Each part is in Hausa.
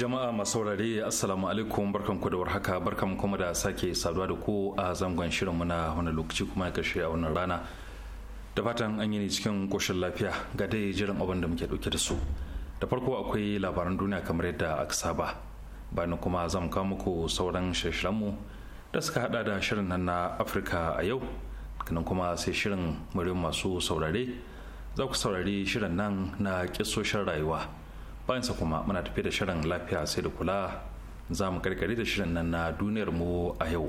jama'a masu saurare assalamu alaikum barkan ku da warhaka barkan kuma da sake saduwa da ku a zangon shirin na wani lokaci kuma ya kashe a wannan rana da fatan an yi ne cikin koshin lafiya ga dai jiran abin da muke dauke da su da farko akwai labaran duniya kamar yadda aka saba Bani kuma zan kawo muku sauran shirye mu da suka hada da shirin nan na afirka a yau kanan kuma sai shirin murin masu saurare za ku saurari shirin nan na kisoshin rayuwa bayansa kuma muna tafi da shirin lafiya sai da kula za mu karkare da shirin nan na duniyar mu a yau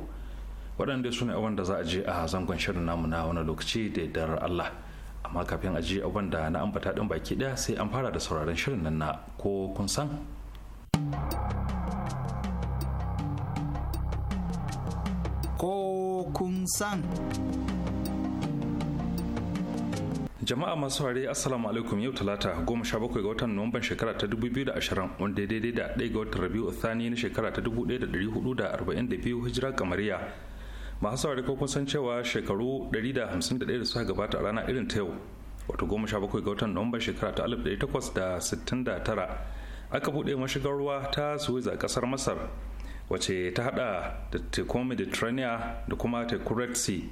waɗanda su ne abin da za a je a zangon shirin namu na wani lokaci da dar Allah amma kafin a je abin da na ambata ɗin baki ɗaya sai an fara da sauraron shirin nan na ko kun san ko kun san jama'a masu ware assalamu alaikum yau talata goma sha bakwai ga watan nuwamban shekara ta dubu biyu da ashirin wanda daidai da ɗaya ga watan rabiu thani na shekara ta dubu ɗaya da ɗari hudu da arba'in da biyu hijira kamariya masu ware ko kun cewa shekaru ɗari da hamsin da ɗaya da suka gabata a rana irin ta yau wato goma sha bakwai ga watan nuwamban shekara ta alif ɗari takwas da sittin da tara aka buɗe mashigar ruwa ta suwiz a ƙasar masar wace ta hada da tekun mediterranean da kuma tekun red sea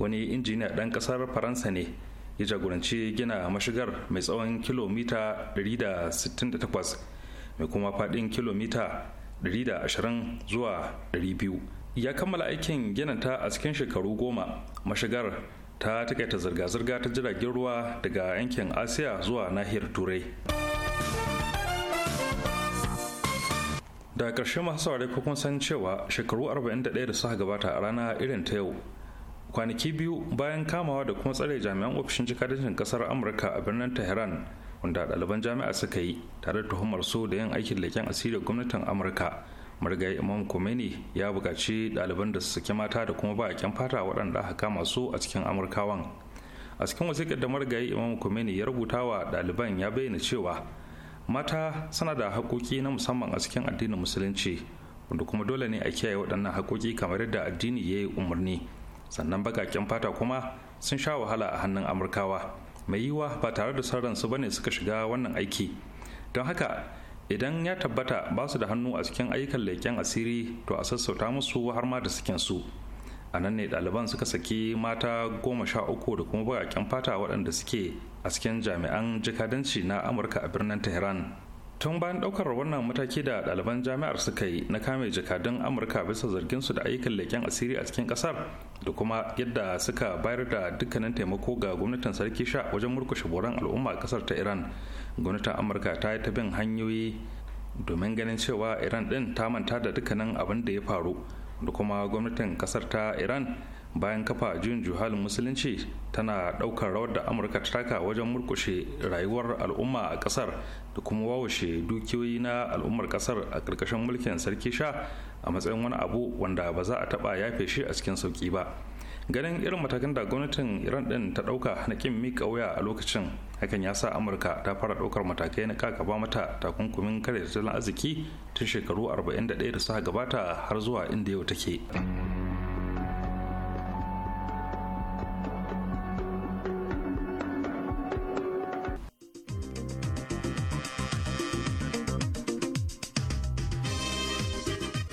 wani injiniya ɗan ƙasar faransa ne ya jagoranci gina mashigar mai tsawon kilomita 168 mai kuma faɗin kilomita 120 zuwa 200 ya kammala aikin ta a cikin shekaru goma mashigar ta takaita zirga-zirga ta jiragen ruwa daga yankin asiya zuwa nahiyar turai da ƙarshe masu saurari kun san cewa shekaru 41 da suka gabata a rana irin ta yau kwanaki biyu bayan kamawa da kuma tsare jami'an ofishin jikadancin kasar amurka a birnin tehran wanda ɗaliban jami'a suka yi tare da tuhumar su da yin aikin asiri da gwamnatin amurka marigayi imam khomeini ya buƙaci ɗaliban da su saki mata da kuma baƙin fata waɗanda aka kama su a cikin amurkawan a cikin wasiƙar da marigayi imam khomeini ya rubuta wa ɗaliban ya bayyana cewa mata suna da haƙoƙi na musamman a cikin addinin musulunci wanda kuma dole ne a kiyaye waɗannan haƙoƙi kamar yadda addini ya yi umarni sannan bakaken fata kuma sun sha wahala a hannun amurkawa mai yiwa ba tare da sauran su bane suka shiga wannan aiki don haka idan ya tabbata ba su da hannu a cikin ayyukan leƙen asiri to a sassauta musu har ma da sukin su a nan ne ɗaliban suka saki mata goma sha uku da kuma bakaken fata waɗanda suke a cikin jami'an jikadanci na amurka a birnin tehran tun bayan daukar wannan mataki da ɗaliban jami'ar suka yi na kame jakadun amurka bisa zargin su da ayyukan leken asiri a cikin ƙasar da kuma yadda suka bayar da dukkanin taimako ga gwamnatin sarki sha wajen murkushe boran al'umma a ƙasar ta iran gwamnatin amurka ta yi ta bin hanyoyi domin ganin cewa iran ɗin ta manta da dukkanin abin da ya faru da kuma gwamnatin ƙasar ta iran bayan kafa juyin juhalin musulunci tana ɗaukar rawar da amurka ta taka wajen murkushe rayuwar al'umma a kasar da kuma wawashe dukiyoyi na al'ummar kasar a ƙarƙashin mulkin sarki sha a matsayin wani abu wanda ba za a taɓa yafe shi a cikin sauƙi ba ganin irin matakan da gwamnatin iran ɗin ta ɗauka na ƙin miƙa wuya a lokacin hakan ya sa amurka ta fara ɗaukar matakai na kakaba mata takunkumin kare tattalin arziki tun shekaru 41 da suka gabata har zuwa inda yau take.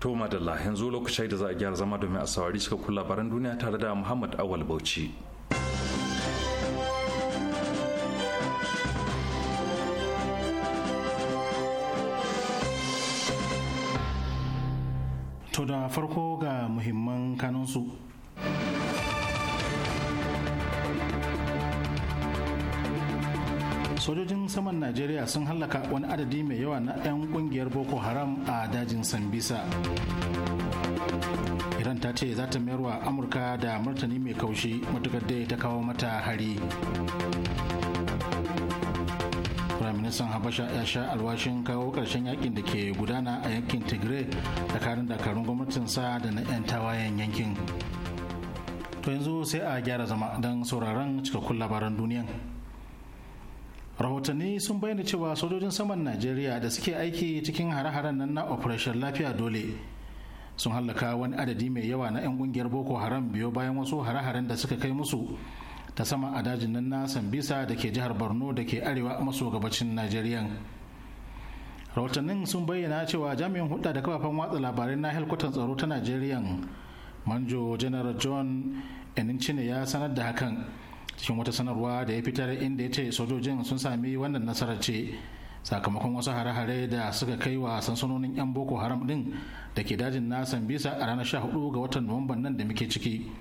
To madalla yanzu lokacin da za a gyara zama domin a saurari suka kula labaran duniya tare da Muhammad Awal Bauchi. To da farko ga muhimman kanunsu. sojojin saman najeriya sun hallaka wani adadi mai yawa na 'yan kungiyar boko haram a dajin sambisa iran ta ce za ta mayarwa amurka da martani mai kaushi matukar dai ta kawo mata hari firaministan habasha ya sha alwashin kawo karshen yakin da ke gudana a yankin tigray tsakanin dakarun gwamnatinsa da na 'yan tawayen yankin to yanzu sai a gyara zama don sauraron cikakkun labaran duniyan. rahotanni sun bayyana cewa sojojin saman najeriya da suke aiki cikin hare-haren nan na operation lafiya dole sun hallaka wani adadi mai yawa na 'yan kungiyar boko haram biyo bayan wasu hare-haren da suka kai musu ta sama a dajin nan na sambisa da ke jihar borno da ke arewa maso gabacin najeriya rahotannin sun bayyana cewa jami'in hudu da kafafen watsa labarai na helkwatan tsaro ta najeriya manjo general john enincine ya sanar da hakan cikin wata sanarwa da ya fitar inda ya ce sojojin sun sami wannan nasarar ce sakamakon wasu hare-hare da suka kai wa sansanonin 'yan boko haram din da ke dajin nasan bisa a ranar 14 ga watan nuwamban nan da muke ciki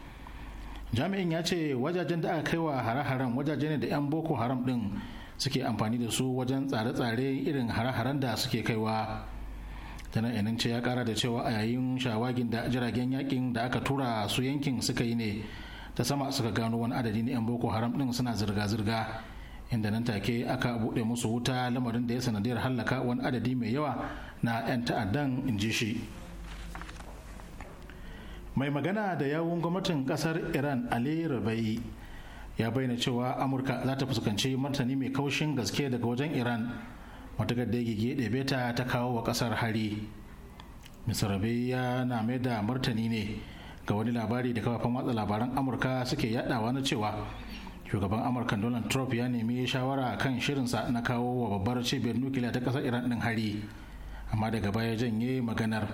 jami'in ya ce wajajen da aka kai wa hare-haren wajaje ne da 'yan boko haram din suke amfani da su wajen tsare-tsare irin hare-haren da suke kaiwa tana yanin ce ya kara da cewa a yayin shawagin da jiragen yakin da aka tura su yankin suka yi ne ta sama suka gano wani adadi na 'yan boko haram din suna zirga-zirga inda nan take aka buɗe musu wuta lamarin da ya sanadiyar hallaka wani adadi mai yawa na 'yan ta'addan in ji shi mai magana da yawun gwamnatin kasar iran ali rabai ya bayyana cewa amurka za ta fuskanci martani mai kaushin gaske daga wajen iran matakar da gige ɗebe ta kawo wa ƙasar hari misrabe yana mai da martani ne ga wani labari da kafafen watsa labaran amurka suke yadawa na cewa shugaban amurka donald trump ya nemi shawara kan shirinsa na kawo wa babbar cibiyar nukiliya ta kasar iran din hari amma daga baya janye maganar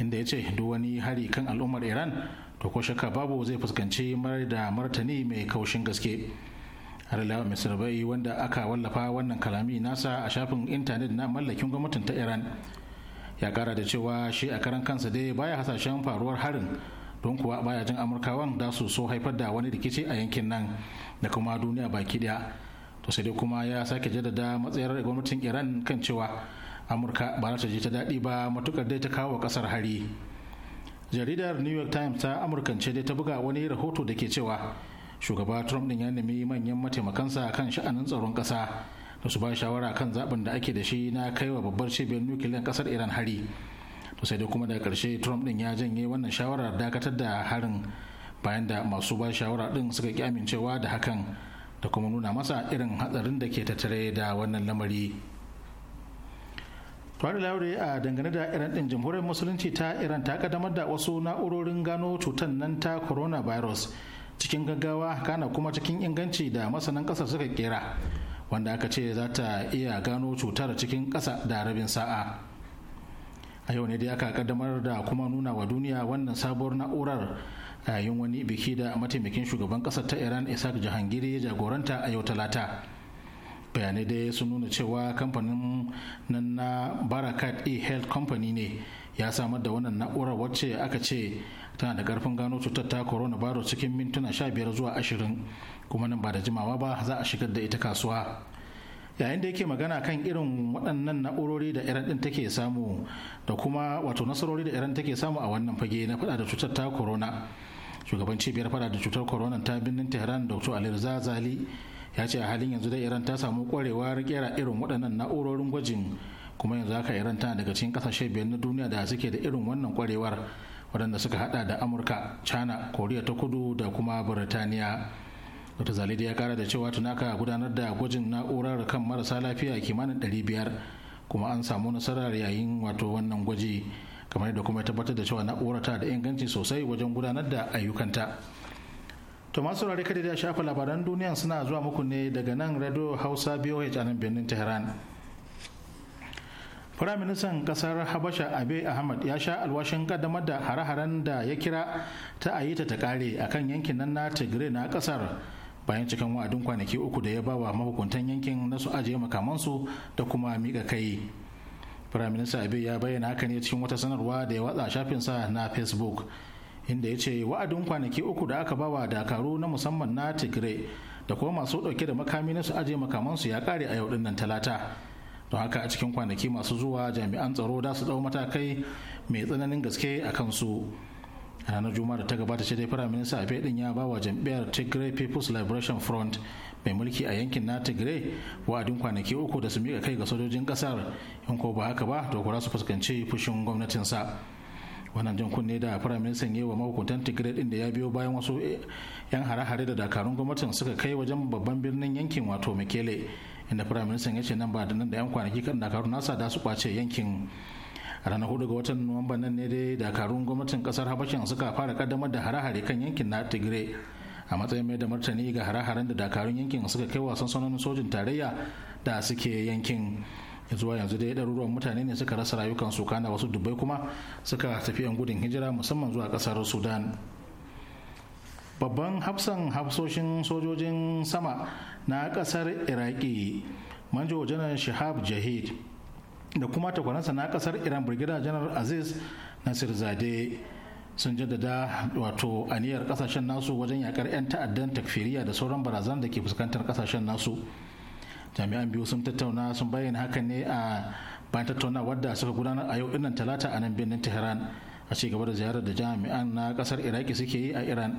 inda ya ce duk wani hari kan al'ummar iran to ko shakka babu zai fuskanci marar da martani mai kaushin gaske harlawa mai sarbai wanda aka wallafa wannan kalami nasa a shafin intanet na mallakin gwamnatin ta iran ya kara da cewa shi a karan kansa dai baya hasashen faruwar harin don kuwa baya jin amurkawan da su so haifar da wani rikici a yankin nan da kuma duniya baki daya to sai dai kuma ya sake jaddada matsayar gwamnatin iran kan cewa amurka ba za ta je ta daɗi ba matukar dai ta kawo kasar hari jaridar new york times ta amurkance dai ta buga wani rahoto da ke cewa shugaba trump din ya nemi manyan mataimakansa kan sha'anin tsaron kasa, da su ba shawara kan zaɓin da ake da shi na kaiwa babbar cibiyar nukiliyar ƙasar iran hari sai dai kuma da karshe trump din ya janye wannan shawarar dakatar da harin bayan da masu ba shawara din suka ki amincewa da hakan da kuma nuna masa irin hatsarin da ke tattare da wannan lamari tuwari laure a dangane da iran din jamhuriyar musulunci ta iran ta kaddamar da wasu na'urorin gano cutar nan ta coronavirus cikin gaggawa kana kuma cikin inganci da masanan kasar suka kera wanda aka ce za ta iya gano cutar cikin kasa da rabin sa'a a yau ne da aka kaddamar da kuma nuna wa duniya wannan sabuwar na'urar yayin wani biki da mataimakin shugaban kasar ta iran isaac jahangiri ya jagoranta a yau talata bayanai dai sun nuna cewa kamfanin nan na barakat e health company ne ya samar da wannan na'urar wacce aka ce tana da karfin gano cutar ta coronavirus cikin mintuna 15 zuwa 20 kuma nan ba da jimawa ba za a shigar da ita kasuwa yayin da yake magana kan irin waɗannan na'urori da iran ɗin take samu da kuma wato nasarori da iran take samu a wannan fage na faɗa da cutar ta corona shugaban cibiyar faɗa da cutar corona ta birnin tehran dr alirza zali ya ce a halin yanzu da iran ta samu kwarewar kera irin waɗannan na'urorin gwajin kuma yanzu haka iran tana daga cikin kasashe biyar na duniya da suke da irin wannan kwarewar waɗanda suka haɗa da amurka china koriya ta kudu da kuma Birtaniya. dr zalidi ya kara da cewa tunaka gudanar da gwajin na'urar kan marasa lafiya kimanin biyar kuma an samu nasarar yayin wato wannan gwaji kamar da kuma tabbatar da cewa na'ura ta da inganci sosai wajen gudanar da ayyukanta to masu rari kada da shafa labaran duniya suna zuwa muku ne daga nan rado hausa boh a nan birnin tehran Firaministan kasar Habasha Abe Ahmad ya sha alwashin kaddamar da hare-haren da ya kira ta ayi ta kare a kan yankin nan na Tigray na kasar bayan cikin wa'adin kwanaki uku da ya ba wa mahukuntan yankin na su ajiye makamansu da kuma miƙa kai firaminista abe ya bayyana haka ne cikin wata sanarwa da ya watsa shafinsa na facebook inda ya ce wa'adin kwanaki uku da aka bawa dakaru na musamman na tigray da kuma masu ɗauke da makami na su ajiye makamansu ya kare a yau dinnan talata don haka a cikin kwanaki masu zuwa jami'an tsaro da su ɗau matakai mai tsananin gaske a kansu. su ranar juma'a da ta gabata ce dai minista a din ya ba wa jam'iyyar tigray people's liberation front mai mulki a yankin na tigray wa'adin kwanaki uku da su miƙa kai ga sojojin ƙasar in ko ba haka ba to kura su fuskanci fushin gwamnatinsa wannan jan kunne da firaministan yi wa mahukuntan tigray din da ya biyo bayan wasu eh, 'yan hare-hare da dakarun gwamnatin suka kai wajen babban birnin yankin wato mikele inda firaministan ya ce nan ba da nan da 'yan kwanaki kan dakarun nasa da su kwace yankin a ranar hudu ga watan nuwamba nan ne dai dakarun gwamnatin kasar habashin suka fara kaddamar da hare-hare kan yankin na tigray a matsayin mai da martani ga hare-haren da dakarun yankin suka kai wa sansanonin sojin tarayya da suke yankin zuwa yanzu dai ɗaruruwan mutane ne suka rasa rayukan su kana wasu dubbai kuma suka tafi yan gudun hijira musamman zuwa kasar sudan babban hafsan hafsoshin sojojin sama na kasar iraki manjo janar shahab jahid da kuma takwaransa na kasar iran brigadier general aziz nasir zade sun jaddada wato aniyar kasashen nasu wajen yakar 'yan ta'addan takfiriya da sauran barazan da ke fuskantar kasashen nasu jami'an biyu sun tattauna sun bayyana hakan ne a bayan tattaunawar da suka gudanar a yau dinnan talata a nan birnin tehran a ci gaba da ziyarar da jami'an na kasar iraki suke yi a iran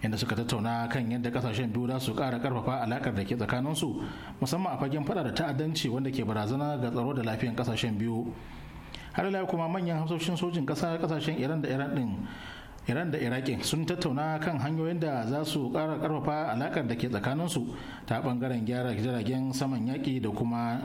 inda suka tattauna kan yadda kasashen biyu za su kara karfafa alakar da ke tsakanin su musamman a fagen fada da ta'addanci wanda ke barazana ga tsaro da lafiyan kasashen biyu har ila kuma manyan hamsoshin sojin kasa kasashen iran da iran din iran da iraki sun tattauna kan hanyoyin da za su kara karfafa alakar da ke tsakanin su ta bangaren gyara jiragen saman yaki da kuma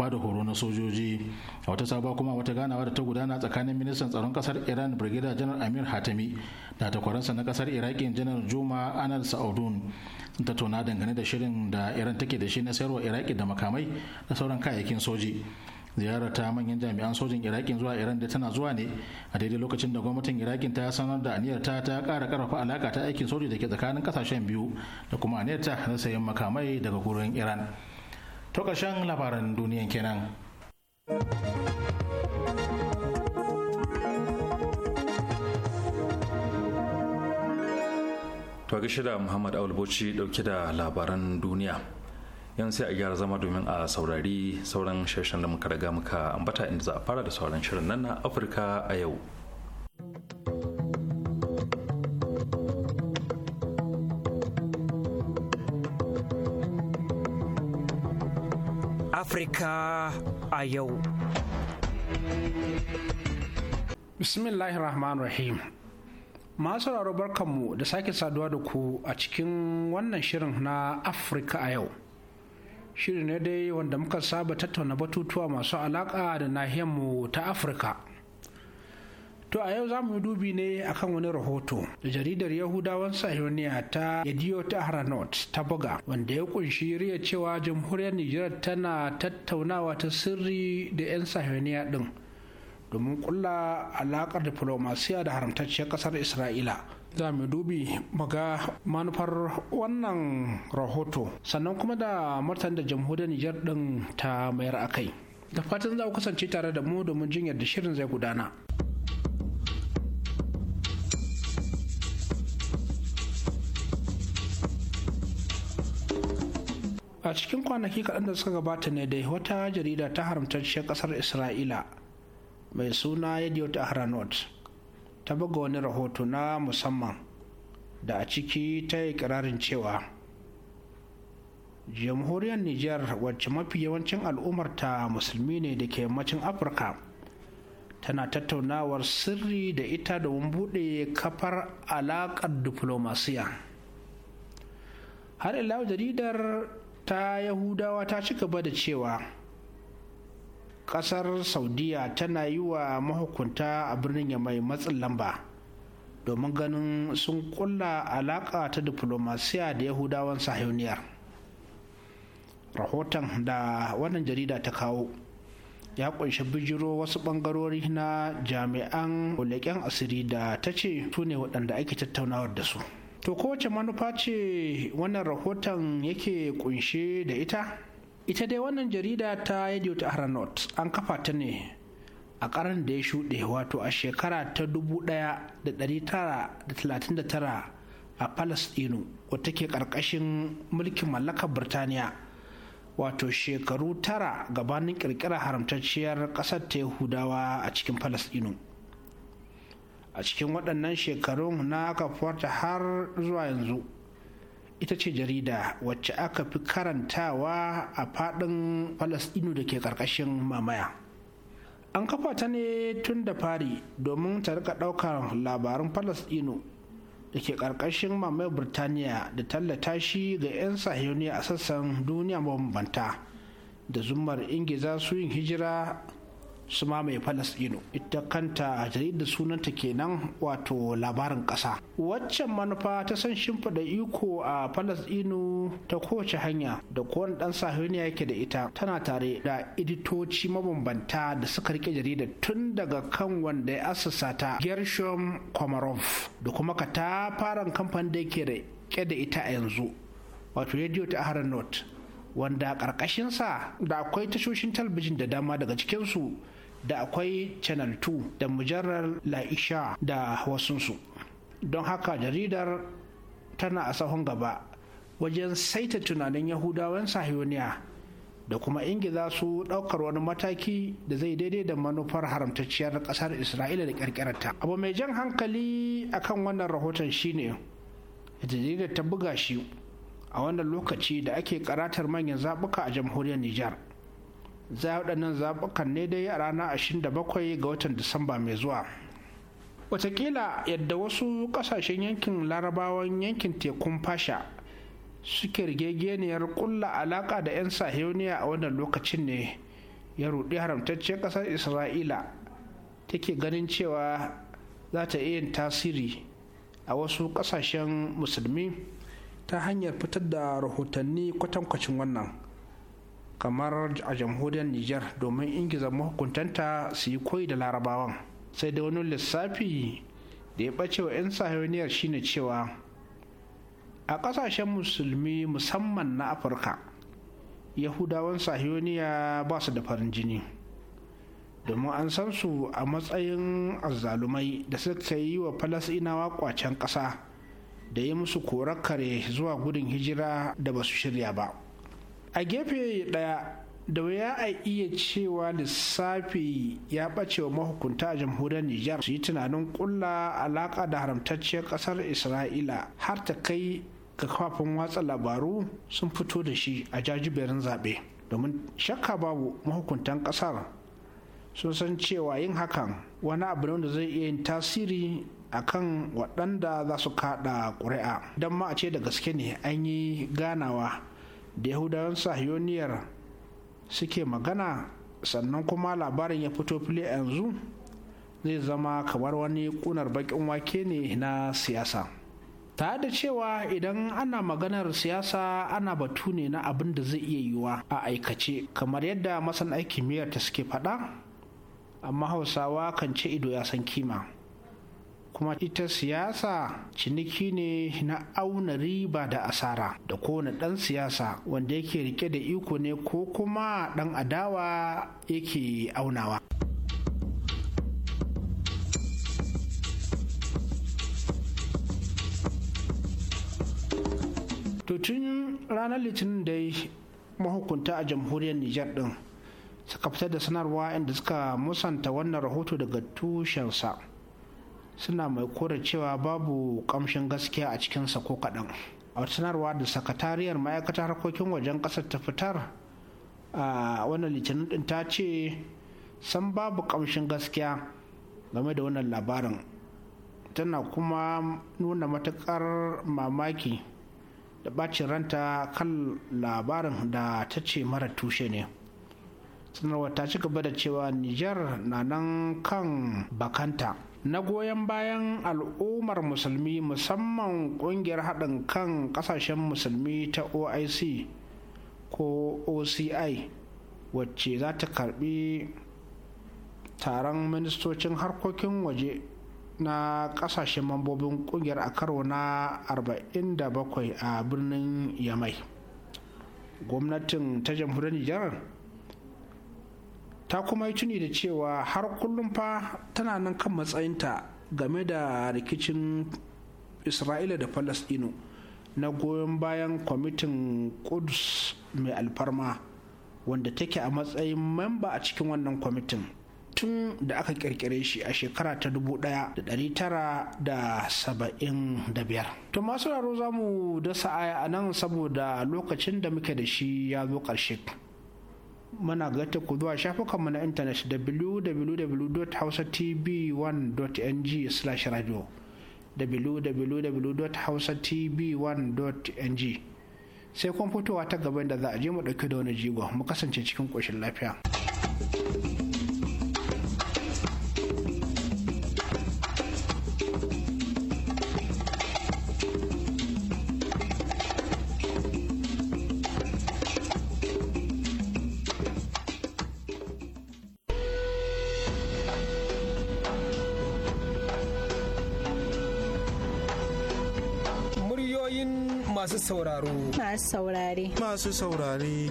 ba da horo na sojoji a wata sabuwa kuma wata ganawa da ta gudana tsakanin ministan tsaron kasar iran brigadier janar amir hatami da takwaransa na kasar iraki janar juma anar sa'udun sun tattauna dangane da shirin da iran take da shi na sayarwa iraki da makamai da sauran kayayyakin soji ziyarar ta manyan jami'an sojin Iraki zuwa iran da tana zuwa ne a daidai lokacin da gwamnatin Iraki ta sanar da aniyar ta ta kara karfafa alaka ta aikin soji da ke tsakanin kasashen biyu da kuma aniyar ta na sayan makamai daga gurin iran to ƙarshen labaran duniyan kenan. To ga shida Muhammad Awul Bauchi dauke da labaran duniya. Yan sai a gyara zama domin a saurari sauran shirin da muka riga muka ambata inda za a fara da sauran shirin nan na Afirka a yau. Afirka a yau. Rahim. Masu raro barkanmu da sake saduwa da ku a cikin wannan shirin na Afirka a yau. Shiri ne dai wanda muka saba tattauna batutuwa masu alaƙa da nahiyarmu ta Afirka. To a yau za mu dubi ne akan wani rahoto da jaridar Yahudawan Sahiyoniya ta Yediyo ta Haranot ta buga wanda ya kunshi riya cewa jamhuriyar Nijar tana tattaunawa ta sirri da 'yan Sahiyoniya din domin kulla alakar diplomasiya da haramtacciyar ƙasar Isra'ila. za mu dubi maga manufar wannan rahoto sannan kuma da martan da jamhuriyar Nijar ɗin ta mayar akai da fatan za ku kasance tare da mu domin jin yadda shirin zai gudana. a cikin kwanaki kaɗan da suka gabata ne dai wata jarida ta haramtacciyar ƙasar isra'ila mai suna yadda ta haranot ta buga wani rahoto na musamman da a ciki ta yi kirarin cewa jamhuriyar niger wacce mafi yawancin al'ummarta musulmi ne da ke yammacin afirka tana tattaunawar sirri da ita domin buɗe kafar alaƙar diflomasiya har ila jaridar ta yahudawa ta ci gaba da cewa ƙasar saudiya tana yi wa mahukunta a birnin yamai matsin lamba domin ganin sun kulla alaƙa ta diflomasiya da yahudawan sahiyoniyar rahoton da wannan jarida ta kawo ya kunshi bijiro wasu bangarori na jami'an leƙen asiri da ta ce su ne waɗanda ake tattaunawar da su. to kowace manufa ce wannan rahoton yake kunshe da ita ita dai wannan jarida ta radio ta not an kafa ta ne a karan da ya shuɗe wato a shekara ta 1939 a palestino wata ke ƙarƙashin mulkin mallakar birtaniya wato shekaru tara gabanin ƙirƙirar haramtacciyar ƙasar ta yahudawa a cikin palestino a cikin waɗannan shekarun na aka furta har zuwa yanzu ita ce jarida wacce aka fi karantawa a faɗin falasɗinu da ke ƙarƙashin mamaya an kafa ta ne tun da fari domin ta rika ɗaukar labarin falasɗinu da ke ƙarƙashin mamayar birtaniya da tallata shi ga 'yan sahiyoni a sassan duniya mabambanta da zumar ingiza su yin hijira su mai falasɗinu ita kanta a jaridar sunanta kenan wato labarin ƙasa waccan manufa ta san shimfiɗa iko a falasɗinu ta kowace hanya da kowane ɗan sahiyoniya yake da ita tana tare da editoci mabambanta da suka rike jaridar tun daga kan wanda ya assasa ta gershom komarov da kuma ka ta fara kamfanin da yake rike da ita a yanzu wato rediyo ta aharar north wanda ƙarƙashinsa da akwai tashoshin talbijin da dama daga cikinsu da akwai channel 2 da mujarrar la'isha da wasunsu don haka jaridar tana a sahun gaba wajen saita tunanin yahudawan sahiyoniya da kuma ingiza su daukar wani mataki da zai daidai da manufar haramtacciyar kasar isra'ila da kirkirarta abu mai jan hankali akan wannan rahoton shine jaridar ta buga shi a wannan lokaci da ake karatar manyan zabuka a jamhuriyar nijar za waɗannan zaɓukan ne dai a ranar 27 ga watan disamba mai zuwa watakila yadda wasu ƙasashen yankin larabawan yankin tekun fasha suke rigegeniyar ƙulla alaƙa da 'yan sahiyoniya a wannan lokacin ne ya ruɗi haramtacce ƙasar isra'ila take ganin cewa za ta yin tasiri a wasu ƙasashen musulmi ta hanyar fitar da rahotanni kwatankwacin wannan kamar a jamhuriyar nijar domin ingiza mahukuntanta su yi koyi da larabawan sai da wani lissafi da ya ɓace wa 'yan sahiyoniyar shine cewa a ƙasashen musulmi musamman na afirka yahudawan sahiyoniya ba su da farin jini domin an san su a matsayin azzalumai da suka yi wa falasinawa ƙwacen ƙasa da yi musu korar kare zuwa gudun hijira da ba su shirya ba a gefe ɗaya da waya a iya cewa lissafi ya ɓace wa mahukunta a jamhuriyar Nijar su yi tunanin ƙulla alaƙa da haramtacciyar ƙasar Isra'ila har ta kai ga kafafen watsa labaru sun fito da shi a jajiberin zaɓe. Domin shakka babu mahukuntan ƙasar sun san cewa yin hakan wani abu ne wanda zai iya yin tasiri akan waɗanda za su kaɗa ƙuri'a don ma a ce da gaske ne an yi ganawa da yahudawan sahiyoniyar suke magana sannan kuma labarin ya fito fili yanzu zai zama kamar wani kunar bakin wake ne na siyasa Tare da cewa idan ana maganar siyasa ana batu ne na abin da zai iya yiwuwa a aikace kamar yadda masana kimiyyar ta suke faɗa amma hausawa kan ce ido ya san kima kuma ita siyasa ciniki ne na auna riba da asara da kowane ɗan siyasa wanda yake rike da iko ne ko kuma ɗan adawa yake aunawa. to tun ranar litinin dai mahukunta a jamhuriyar nijar din suka fitar da sanarwa inda suka musanta wannan rahoto daga tushensa suna mai kora cewa babu kamshin gaskiya a cikinsa ko kaɗan a sanarwa da sakatariyar ma'aikatar harkokin wajen ƙasar ta fitar a wannan litinin ɗin ta ce san babu kamshin gaskiya game da wannan labarin tana kuma nuna matuƙar mamaki da bacin ranta kan labarin da ta ce mara tushe ne sanarwa ta ci gaba da cewa niger na nan kan bakanta na goyon bayan al'ummar musulmi musamman kungiyar haɗin kan ƙasashen musulmi ta oic ko oci wacce za ta karɓi taron ministocin harkokin waje na kasashen mambobin kungiyar a karo na 47 a birnin yamai gwamnatin ta jamhuriyar nijar ta kuma yi tuni da cewa har kullum fa tana nan kan matsayinta game da rikicin isra'ila da Falasɗinu na goyon bayan kwamitin quds mai alfarma wanda take a matsayin memba a cikin wannan kwamitin tun da aka kirkire shi a shekara ta dubu da tara 1975. To masu raro za mu dasa aya a nan saboda lokacin da muke da shi ya zo ƙarshe. muna gata ku zuwa shafukanmu na intanet www.hausatv1.ng slash radio www.hausatv1.ng sai kuma fitowa ta gaban da za a je mu ɗauki da wani jigo mu kasance cikin ƙoshin lafiya. sauraro. Masu saurare. Masu saurare.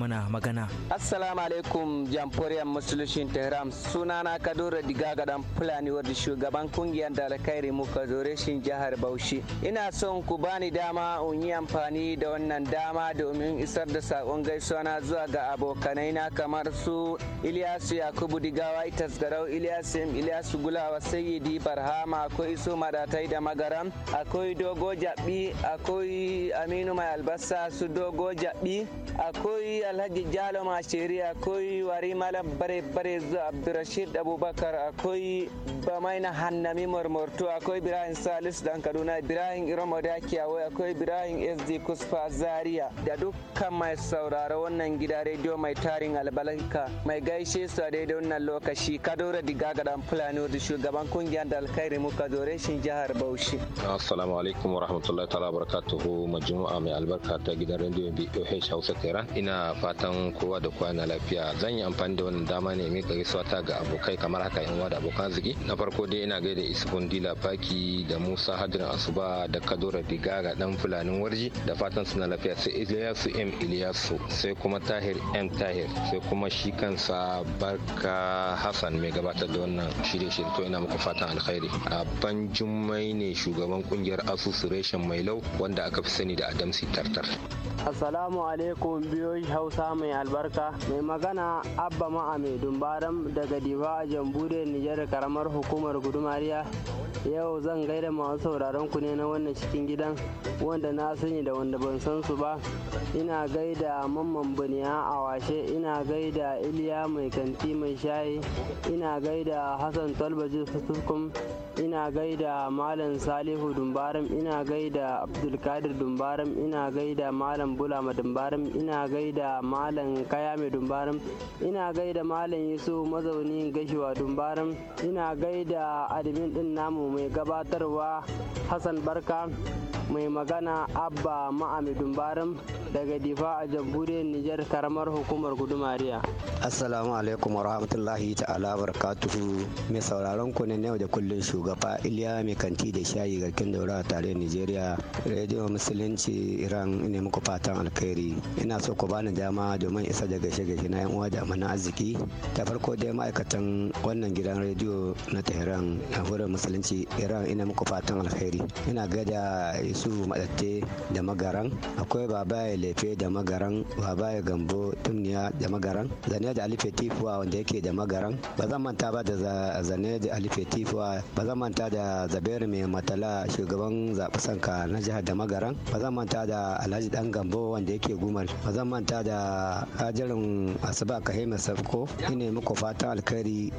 mana magana. Assalamu alaikum jamhuriyar musulushin Tehran sunana Kadura Diga gadan Fulani wadda shugaban kungiyar dalakai Remuka Zoreshin jihar Bauchi. Ina son ku bani dama in yi amfani da wannan dama domin isar da sakon gaisuwa na zuwa ga abokanai na kamar su Ilyasu Yakubu Digawa Itas Garau Ilyasu M Ilyasu Gulawa Sayyidi Barhama akwai Iso Madatai da Magaram akwai Dogo Jabi akwai Aminu Mai Albasa su Dogo Jabi akwai alhaji jalo shiri akwai wari malam bare bare abdurashid abubakar akwai bamaina hannami marmarto akwai ibrahim salis dan kaduna ibrahim iroma dakiyawa akwai ibrahim sd kusfa zaria da dukkan mai sauraro wannan gida rediyo mai tarin albalanka mai gaishe su a daidai wannan lokaci kadora diga dan fulani da shugaban kungiyar da alkhairi muka zore shin jihar bauchi assalamu alaikum rahmatullahi ta'ala barakatuhu majmu'a mai albarka ta gidan rediyo boh hausa tehran ina fatan kowa da kowa na lafiya zan yi amfani da wannan dama ne mika gaisuwa ta ga abokai kamar haka yan da abokan ziki na farko dai ina gaida isufun dila faki da musa hadirin asuba da kadura digara dan fulanin warji da fatan suna lafiya sai iliyasu m iliyasu sai kuma tahir m tahir sai kuma shi kansa barka hassan mai gabatar da wannan shirye shirye to ina muku fatan alkhairi a ban jummai ne shugaban kungiyar asusu reshen lau wanda aka fi sani da adamsi tartar assalamu alaikum biyoyi hausa mai albarka mai magana abba ma'a mai dumbaram daga diva a jambude nijar karamar hukumar gudumariya yau zan gaida masu sauraron ku ne na wannan cikin gidan wanda na sani da wanda ban san su ba ina gaida mamman baniya a washe ina gaida iliya mai kanti mai shayi ina gaida hassan talbaji sutukum ina gaida malam salihu dumbaram ina gaida abdulkadir dumbaram ina gaida malam bulama dumbaram ina gaida malam kaya mai dumbarin ina gaida malam yusuf mazaunin gashiwa dumbarin ina gaida admin din namu mai gabatarwa hassan barka mai magana abba ma'ami dumbarin daga difa a jamhuriyar nijar karamar hukumar gudumariya assalamu alaikum warahmatullahi ta'ala barakatuhu mai sauraron ku ne yau da kullun shugaba iliya mai kanti da shayi garkin daura a tarayyar nigeria radio musulunci iran ne muku fatan alkhairi ina so ku bani dama domin isa da gaishe-gaishe na 'yan uwa da amana arziki ta farko dai ma'aikatan wannan gidan rediyo na tehran jamhuriyar musulunci iran ina muku fatan alheri ina gada yusufu madatte da magaran akwai babaye lefe da magaran babaye gambo tumniya da magaran zane da alife tifuwa wanda yake da magaran ba zan manta ba da zane da alife tifuwa ba zan manta da zaberi mai matala shugaban zaɓi sanka na jihar da magaran ba zan manta da alhaji dan gambo wanda yake gumal ba zan manta da da ajirin asuba ka haima sabko ina muku fatan alkhairi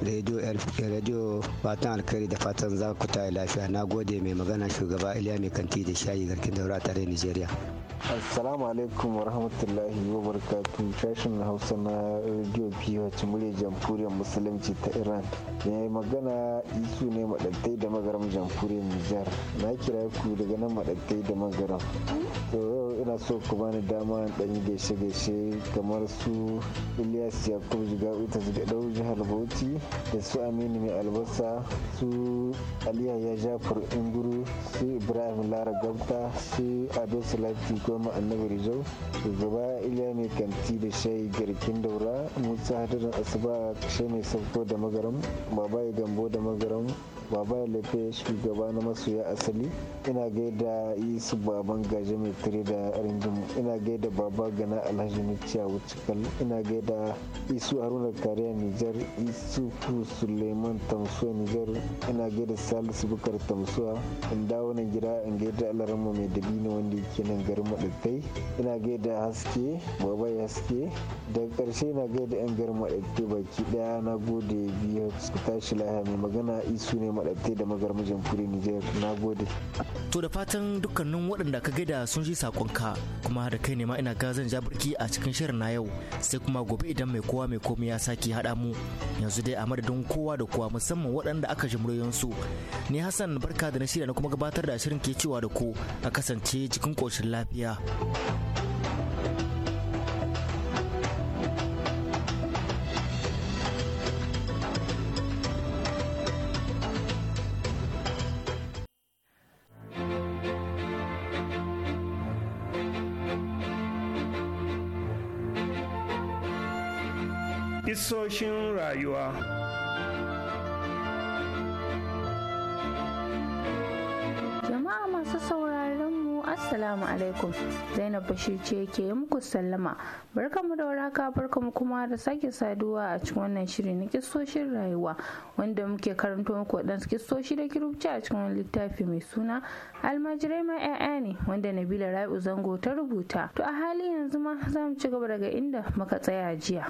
radio fatan alkhairi da fatan za ku tayi lafiya na gode mai magana shugaba iliya mai kanti da shayi garkin daura tare nigeria assalamu alaikum warahmatullahi wabarakatuh sashen hausa na radio ph murya jamhuriyar musulunci ta iran mai magana isu ne madaddai da magaram jamhuriyar nijar na kira ku daga nan madaddai da magaram to yau ina so ku bani dama ɗan gaishe gaishe kamar su ilyas yakub jiga'u ta dau jihar bauchi da su aminu mai albasa su aliya ya jafar inguru su ibrahim lara gabta su ado salati goma annabi rijau shugaba iliya mai kanti da shayi garkin daura musa hadarin asuba kashe mai sauko da magaram babaye gambo da magaram baba ya lafe shugaba na masoya asali ina gaida isu baban gaje mai tare da rinjin ina gaida baba gana alhaji nuciya wucikal ina gaida isu haruna kariya nijar isu fu suleiman tamsuwa nijar ina gaida salisu bukar tamsuwa in dawo nan gida in gaida alarama mai dabino wanda yake nan garin maɗattai ina gaida haske baba ya haske daga ƙarshe ina gaida yan garin maɗattai baki ɗaya na gode biyu su tashi lahiya mai magana isu ne maɗabtai da magarmu jamhuriyar Nijar na gode. To da fatan dukkanin waɗanda ka gaida sun ji sakonka kuma da kai ne ma ina gazan birki a cikin shirin na yau sai kuma gobe idan mai kowa mai komai ya sake haɗa mu yanzu dai a madadin kowa da kowa musamman waɗanda aka ji su Ni Hassan barka da na shirya na kuma gabatar da shirin ke cewa da ku a kasance cikin ƙoshin lafiya. Kisoshin rayuwa. Assalamu alaikum Zainab Bashir ce ke muku sallama Barka barkamu da waraka mu kuma da sake saduwa a cikin wannan shirin na kistoshin rayuwa wanda muke karanto muku waɗansu kistoshi da kirubci a cikin wani littafi mai suna almajirai ma 'ya'ya ne wanda Nabila Rabi'u Zango ta rubuta to a hali yanzu ma za mu ci gaba daga inda muka tsaya jiya.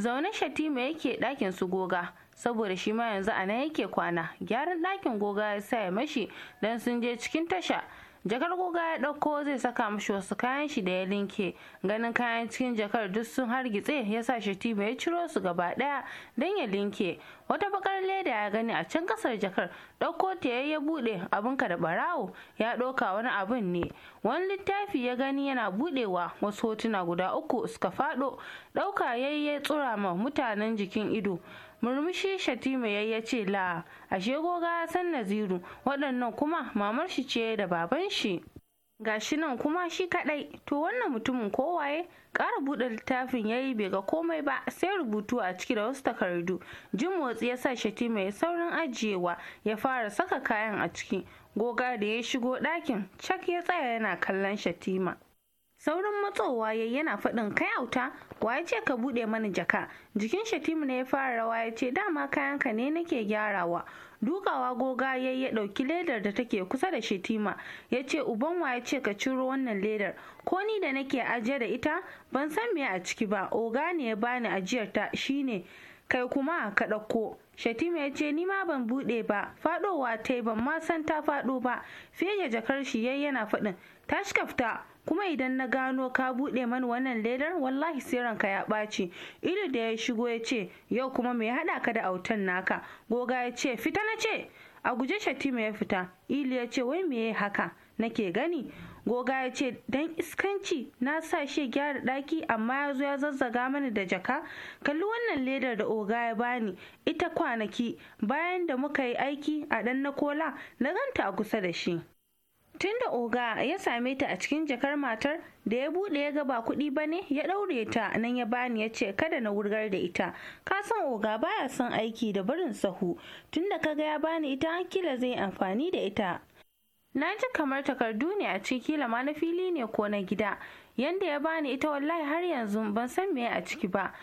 zaune shatima yake ɗakin su goga saboda shi ma yanzu a nan yake kwana gyaran ɗakin goga ya sa ya mashi don sun je cikin tasha jakar guga ya ɗauko zai saka mashi wasu kayan shi da ya linke ganin kayan cikin jakar duk sun hargitse ya sa shi tibe ya ciro su gaba ɗaya don ya linke wata bakar leda ya gani a can kasar jakar ɗauko ta ya buɗe ka da ɓarawo ya ɗauka wani abin ne wani littafi ya gani yana buɗewa wasu hotuna guda uku suka faɗo ɗauka ya ya tsura ma mutanen jikin ido murmushi shatima ya ce la ashe goga san naziru waɗannan kuma mamar shi ce da baban shi gashi nan kuma shi kadai to wannan mutumin kowaye ƙara buɗe littafin ya yi bai ga komai ba sai rubutu a ciki da wasu takardu jin motsi ya sa shatima ya saurin ajiyewa ya fara saka kayan a ciki goga da ya shigo ɗakin cak ya tsaya yana kallon shatima saurin matsowa ya yana faɗin kai auta wa ya ce ka buɗe mana jaka jikin shatimu ne ya fara rawa ya ce dama kayanka ne nake gyarawa dukawa goga ya ya ɗauki ledar da take kusa da Shatima, ya ce uban wa ya ce ka ciro wannan ledar ko ni da nake ajiye da ita ban san me a ciki ba oga ne ya bani ajiyar ta shine kai kuma ka ɗauko Shatima ya ce ni ma ban buɗe ba faɗowa ta yi ban ma san ta faɗo ba fiye jakar shi yayi yana faɗin 'Ta shi fita kuma idan na gano ka buɗe mani wannan ledar wallahi sai ranka ya ɓaci ilu da ya shigo ya ce yau kuma me haɗa ka da autan naka goga ya ce fita na ce a guje shatima ya fita Ili ya ce wai ya haka nake gani goga ya ce dan iskanci na sa shi gyara daki amma ya zo ya zazzaga mani da jaka kalli wannan ledar da oga ya bani ita kwanaki bayan da muka yi aiki a ɗan na kola na ganta a kusa da shi Tun da oga ya same ta a cikin jakar matar da ya bude ya ga ba kuɗi ba ne ya ɗaure ta nan ya bani ya ce kada na wurgar da ita ka san oga baya son aiki da barin sahu tunda kaga ya bani ita kila zai amfani da ita na ji kamar takardu ne a ciki kila ma na fili ne ko na gida yanda ya bani ita wallahi har yanzu ban san me a ciki ba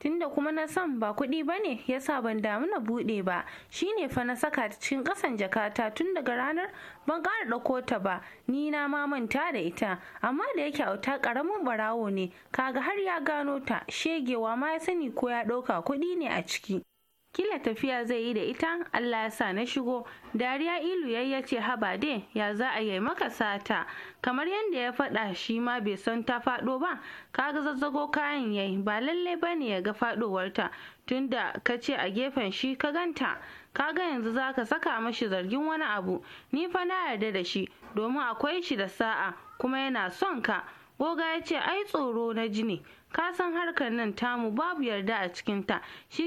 tunda kuma na san ba kuɗi ba ne ya sa ban damu na buɗe ba shine fa na saka ta cikin ƙasan jakata tun daga ranar ban ƙara ɗauko ta ba ni na ma manta da ita amma da yake auta ƙaramin barawo ne kaga har ya gano ta shegewa ma ya sani ko ya ɗauka kuɗi ne a ciki kila tafiya zai yi da ita allah ya sa na shigo dariya ilu ya ce haba dai ya za a yi maka sata kamar yadda ya faɗa shi ma bai san ta faɗo ba Ka ga zazzago kayan yayi ba lallai ne ya ga faɗowarta tunda ka ce a gefen shi ka ganta Ka ga yanzu za ka saka mashi zargin wani abu ni fa na yarda da shi domin akwai shi da sa'a kuma yana son ka goga ya ce ai tsoro na jini. ka san harkar nan tamu babu yarda a cikinta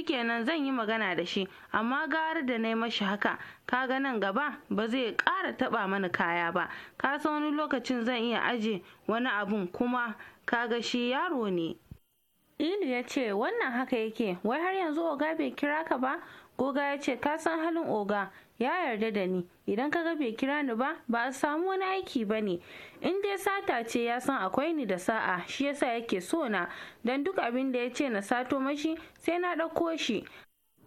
kenan zan yi magana da shi amma gara da na mashi haka kaga nan gaba ba zai ƙara taɓa mana kaya ba ka san wani lokacin zan iya aje wani abun kuma kaga shi yaro ne ilu ya ce wannan haka yake wai har yanzu oga bai kira ka ba goga ya ce ka san halin oga ya yarda da ni idan ka ga bai kira ni ba ba a samu wani aiki ba ne in dai sata ce ya san akwai ni da sa'a shi yasa yake so na don duk abin da ya ce na sato mashi sai na ɗauko shi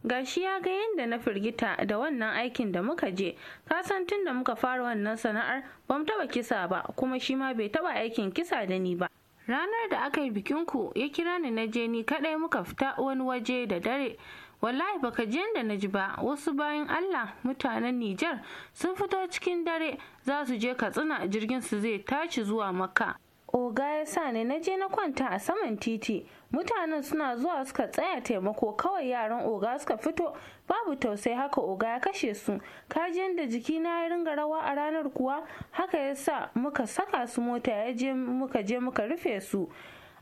Ga shi ya ga yadda na firgita da wannan aikin da muka je ka san tun da muka fara wannan sana'ar ba mu taɓa kisa ba kuma shi ma bai taɓa aikin kisa da ni ba ranar da aka yi bikinku ya kira ni na je ni kaɗai muka fita wani waje da dare wallahi baka ji yadda na ji ba wasu bayan allah mutanen nijar sun fito cikin dare za su je katsina jirgin su zai tashi zuwa makka oga ya sa ne na je na kwanta a saman titi mutanen suna zuwa suka tsaya taimako kawai yaran oga suka fito babu tausai haka oga ya kashe su yadda jiki na ya ringa rawa a ranar kuwa haka ya sa muka saka su mota ya je muka je muka rufe su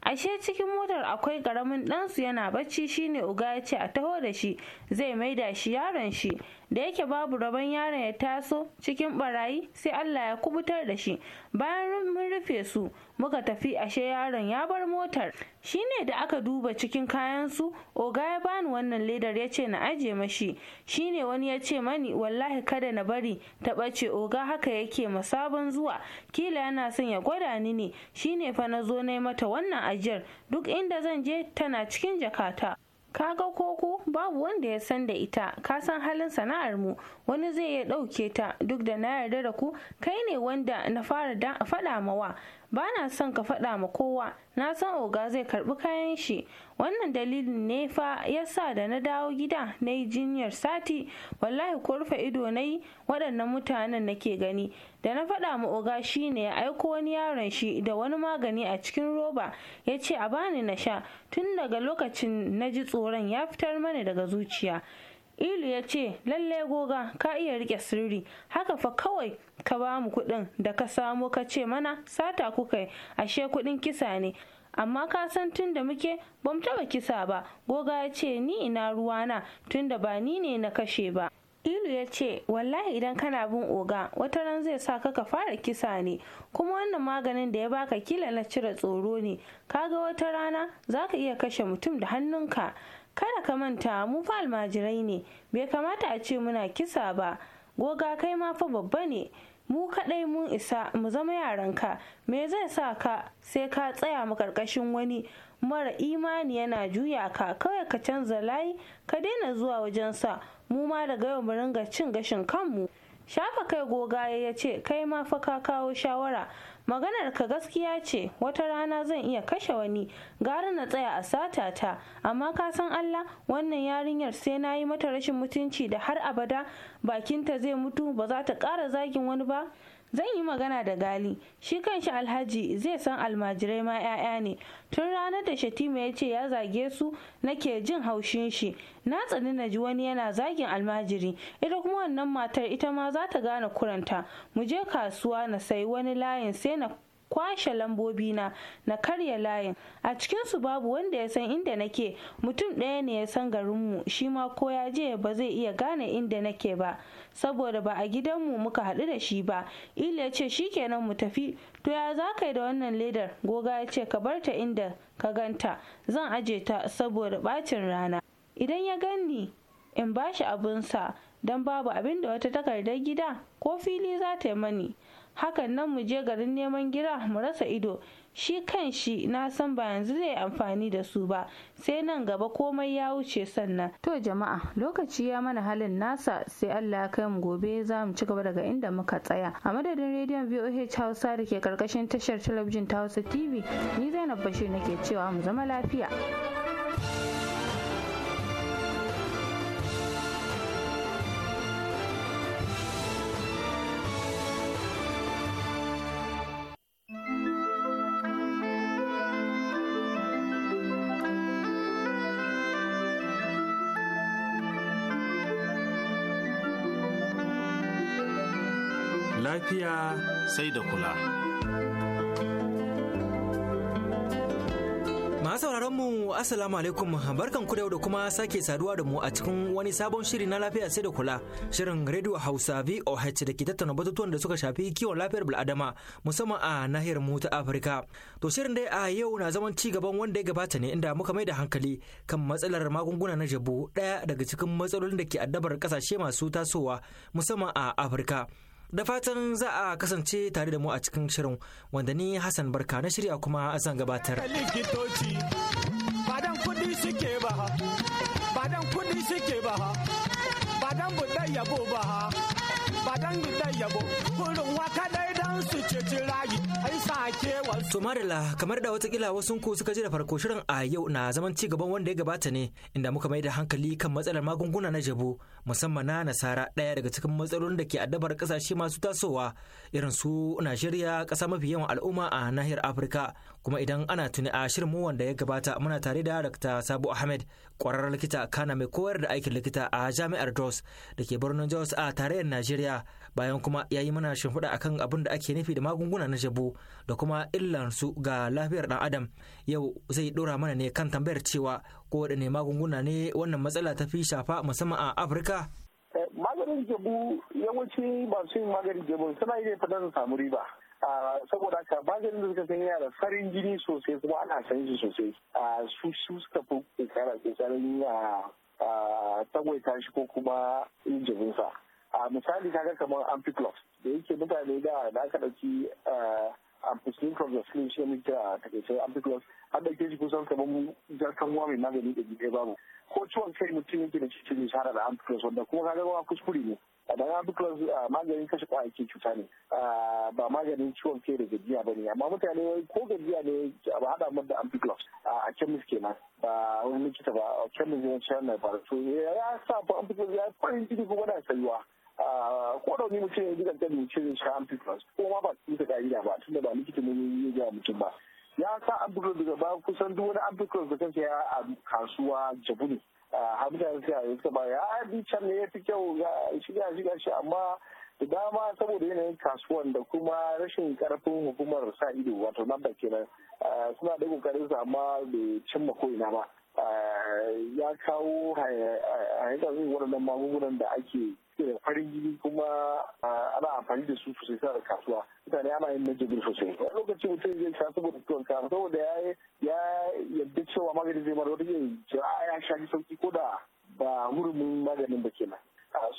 ashe cikin motar akwai karamin ɗansu yana bacci shine uga ya ce a taho da shi zai maida shi yaron shi da yake babu rabon yaron ya taso cikin barayi sai allah ya kubutar da shi bayan mun rufe su muka tafi ashe yaron ya bar motar shine da aka duba cikin kayansu oga ya bani wannan ledar ya ce na aje mashi shine wani ya ce mani wallahi kada na bari ta ɓace oga haka yake sabon zuwa kila yana son ya gwada ni ne shine fa na zo na mata wannan ajiyar duk inda zan je tana cikin jakata ka ga koko babu wanda ya san da ita ka san halin sana'ar mu wani zai ya ɗauke ta duk da na yarda da ku kai ne wanda na fara faɗa mawa ba na son ka faɗa ma kowa na san oga zai karɓi kayan shi wannan dalilin ne fa ya sa da na dawo gida na yi jinyar sati wallahi ko rufe ido na yi waɗannan mutanen nake gani da na faɗa ma oga shi ne ya aiko wani yaron shi da wani magani a cikin roba ya ce a bani na sha tun daga lokacin na ji tsoron ya fitar mani daga zuciya ilu ya ce lalle goga ka iya rike sirri haka fa kawai ka ba mu kuɗin da ka samo ka ce mana sata kuka yi ashe kuɗin kisa ne amma ka san tun da muke ba mu taɓa kisa ba goga ya ce ni ina ruwana tun da ba ni ne na kashe ba ilu ya ce wallahi idan kana bin oga wata ran zai sa ka ka fara kisa ne kuma wannan maganin da ya baka kila na cire tsoro ne kaga wata rana za ka iya kashe mutum da hannunka kada ka manta mu fa almajirai ne bai kamata a ce muna kisa ba goga kai ma fa babba ne mu kaɗai mun isa mu zama yaranka me zai sa ka sai ka tsaya mu makarkashin wani mara imani yana juya ka kawai ka canza layi ka daina zuwa wajensa mu ma daga yau mu ringa cin gashin kanmu shafa kai goga ya ce kai ma fa ka kawo shawara maganar ka gaskiya ce wata rana zan iya kashe wani gara na tsaya a sata ta amma ka san Allah wannan yarinyar sai na yi mata rashin mutunci da har abada bakinta zai mutu ba za ta ƙara zagin wani ba zan yi magana da gali shi kanshi alhaji zai san almajirai ma 'ya'ya ne tun ranar da shatima ya ce ya zage su nake jin haushin shi na tsani na ji wani yana zagin almajiri ita kuma wannan matar ita ma za ta gane kuranta mu je kasuwa na sayi wani layin sai na kwashe lambobi na na karya layin a cikinsu babu wanda ya san inda nake mutum ɗaya ne ya san garinmu shi ma ko ya je ba zai iya gane inda nake ba saboda ba a gidanmu muka haɗu da shi ba ila ya ce kenan mu tafi to ya za ka yi da wannan ledar goga ya ce ka bar ta inda ka ganta zan aje ta saboda ɓacin rana idan ya ganni in bashi abinsa don babu abin da wata takardar gida ko fili za ta yi mani hakan nan mu je garin neman gira mu rasa ido shi kan shi na san ba yanzu zai amfani da su ba sai nan gaba komai ya wuce sannan to jama'a lokaci ya mana halin nasa sai allah ya kai mu gobe za mu ci gaba daga inda muka tsaya a madadin rediyon voh hausa da ke karkashin tashar talabijin ta hausa tv ni zainab bashir nake cewa mu zama lafiya lafiya sai da kula. Masu mu Assalamu alaikum barkan ku da kuma sake saduwa da mu a cikin wani sabon shiri na lafiya sai da kula shirin Radio Hausa VOH da ke tattauna batutuwan da suka shafi kiwon lafiyar bil'adama musamman a nahiyar mu ta Afirka. To shirin dai a yau na zaman ci gaban wanda ya gabata ne inda muka mai da hankali kan matsalar magunguna na jabo daya daga cikin matsalolin da ke addabar kasashe masu tasowa musamman a Afirka. da fatan za a kasance tare da mu a cikin shirin wanda ni hassan barka na shirya kuma zan gabatar likitoci ba ba dan da yabo kurin waka dai dan su ce ai sake wasu to madalla kamar da watakila wasu ku suka ji da farko shirin a yau na zaman ci gaban wanda ya gabata ne inda muka mai da hankali kan matsalar magunguna na jabo musamman na nasara daya daga cikin matsalolin da ke addabar kasashe masu tasowa irin su Najeriya kasa mafi yawan al'umma a nahiyar Afirka kuma idan ana tuni a shirin mu wanda ya gabata muna tare da Dr. Sabu Ahmed kwararren likita kana mai koyar da aikin likita a Jami'ar Jos da ke birnin Jos a tarayyar Najeriya bayan kuma ya yi mana shimfiɗa akan abin da ake nufi da magunguna na jabu da kuma illansu ga lafiyar ɗan adam yau zai ɗora mana ne kan tambayar cewa ko waɗanne magunguna ne wannan matsala ta fi shafa musamman a Afirka. Eh, maganin jabu yawanci masu yin maganin jabu suna yi ne fa samu riba. saboda haka maganin da suka san da farin jini sosai kuma ana san shi sosai a su suka fi kokara kokarin tagwaita shi ko kuma a misali kaga kamar ampiclox da yake mutane da da aka ɗauki amfisin from the slim shi ne kira sai ampiclox an dauke shi kusan kamar jarkan ruwa mai magani da jiɗe babu ko ciwon kai mutum yake da cikin misara da ampiclox wanda kuma kaga kuskure ne banana a ah, maganin kashe ake cuta ne ah, ba maganin ciwon kai da gajiya ba ne amma mutane wai ko gajiya ne ba haɗa mada da ah, a kemis kenan ba wani likita ba a kemis ne na ba to ya sa ba ampiclox ya fari jini kuma na sayuwa ko da wani mutum ya ji gani mutum ya sha ampiclox ko ma ba su ta ka'ida ba tunda ba likita ne ya mutum ba ya sa ampiclox daga ba kusan duk wani ampiclox da kansa ya a kasuwa jabu ne hamza ya suka ba ya bi can ne ya fi kyau ga shiga shiga shi amma da dama saboda yanayin kasuwan da kuma rashin karfin hukumar sa ido wato nan da kenan suna da kokarin su amma bai cimma ko ina ba Eh, ya kawo haifar eh, eh, waɗannan magungunan da ake da farin jini kuma ana amfani da su sosai sa kasuwa mutane ana yin najibin sosai wani lokaci mutum zai sha saboda ciwon kansa saboda ya yadda cewa magani zai mara wata yin ah, ya sha shi sauki ko da ba hurumin maganin ba kenan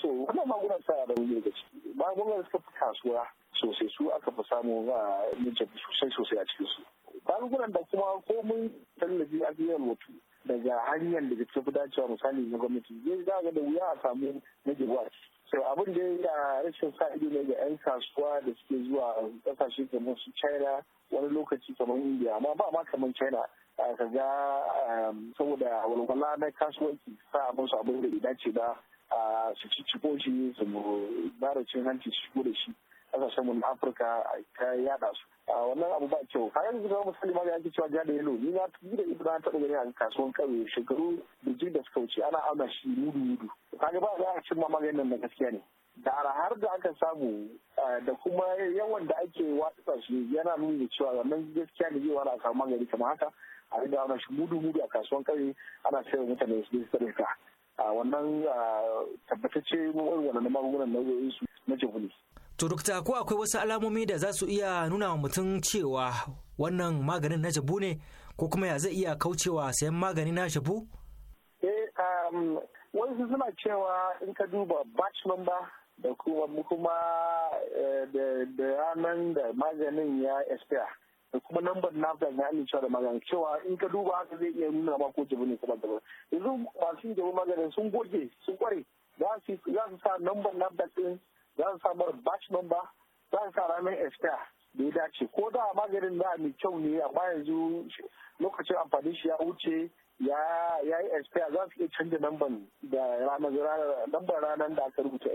so wannan magunan sa da wuri da ciki magunan suka fi kasuwa sosai su aka fi samu ba najibin sosai sosai a cikin su magungunan da kuma komin tallafi a biyar mutu daga hanyar da ta fi dacewa misali na gwamnati zai za ga da wuya a samu na jibuwa so abin da ya rashin sa ido ne ga 'yan kasuwa da suke zuwa kasashe kamar su china wani lokaci kamar india amma ba ma kamar china ka ga um, saboda walwala na kasuwanci sa abin su abin da ya dace da su cicciko shi su ba da cin hanci shigo da shi kasashen mu na afirka ta yada su a ah, wannan abu ba kyau a yanzu kamar misali ma ake cewa jihar yalo ni na tafi da ita na taɓa gani a kasuwan kauye shekaru bijir da suka wuce ana auna shi mudu mudu kaga ba za a cimma nan na gaskiya ne da arahar da aka samu ah, da kuma yawan da ake watsa shi yana nuna da cewa wannan gaskiya da zai a samu magani kamar haka a riga ana shi mudu mudu a kasuwan kauye ana sayar mutane su sadaka a ah, wannan tabbatacce wannan magungunan nau'o'in su na jihuni To Dokta ko akwai wasu alamomi da za su iya nuna wa mutum cewa wannan maganin na jabu ne ko kuma ya zai iya kaucewa sayan magani na jabu? eh um, wasu suna cewa in ka duba batch number da kuma kuma eh, da ranar da maganin ya expire da kuma lambar da ya amincewa da maganin cewa in ka duba haka zai iya nuna ba ko jabu ne kuma daban yanzu masu jabu maganin sun goge sun kware za su sa lambar na ɗin za su samar batch number za su sa ranar expire da ya dace ko da maganin da mai kyau ne amma yanzu lokacin amfani shi ya wuce ya yi expire za su iya canza namban da ranar namban ranar da aka rubuta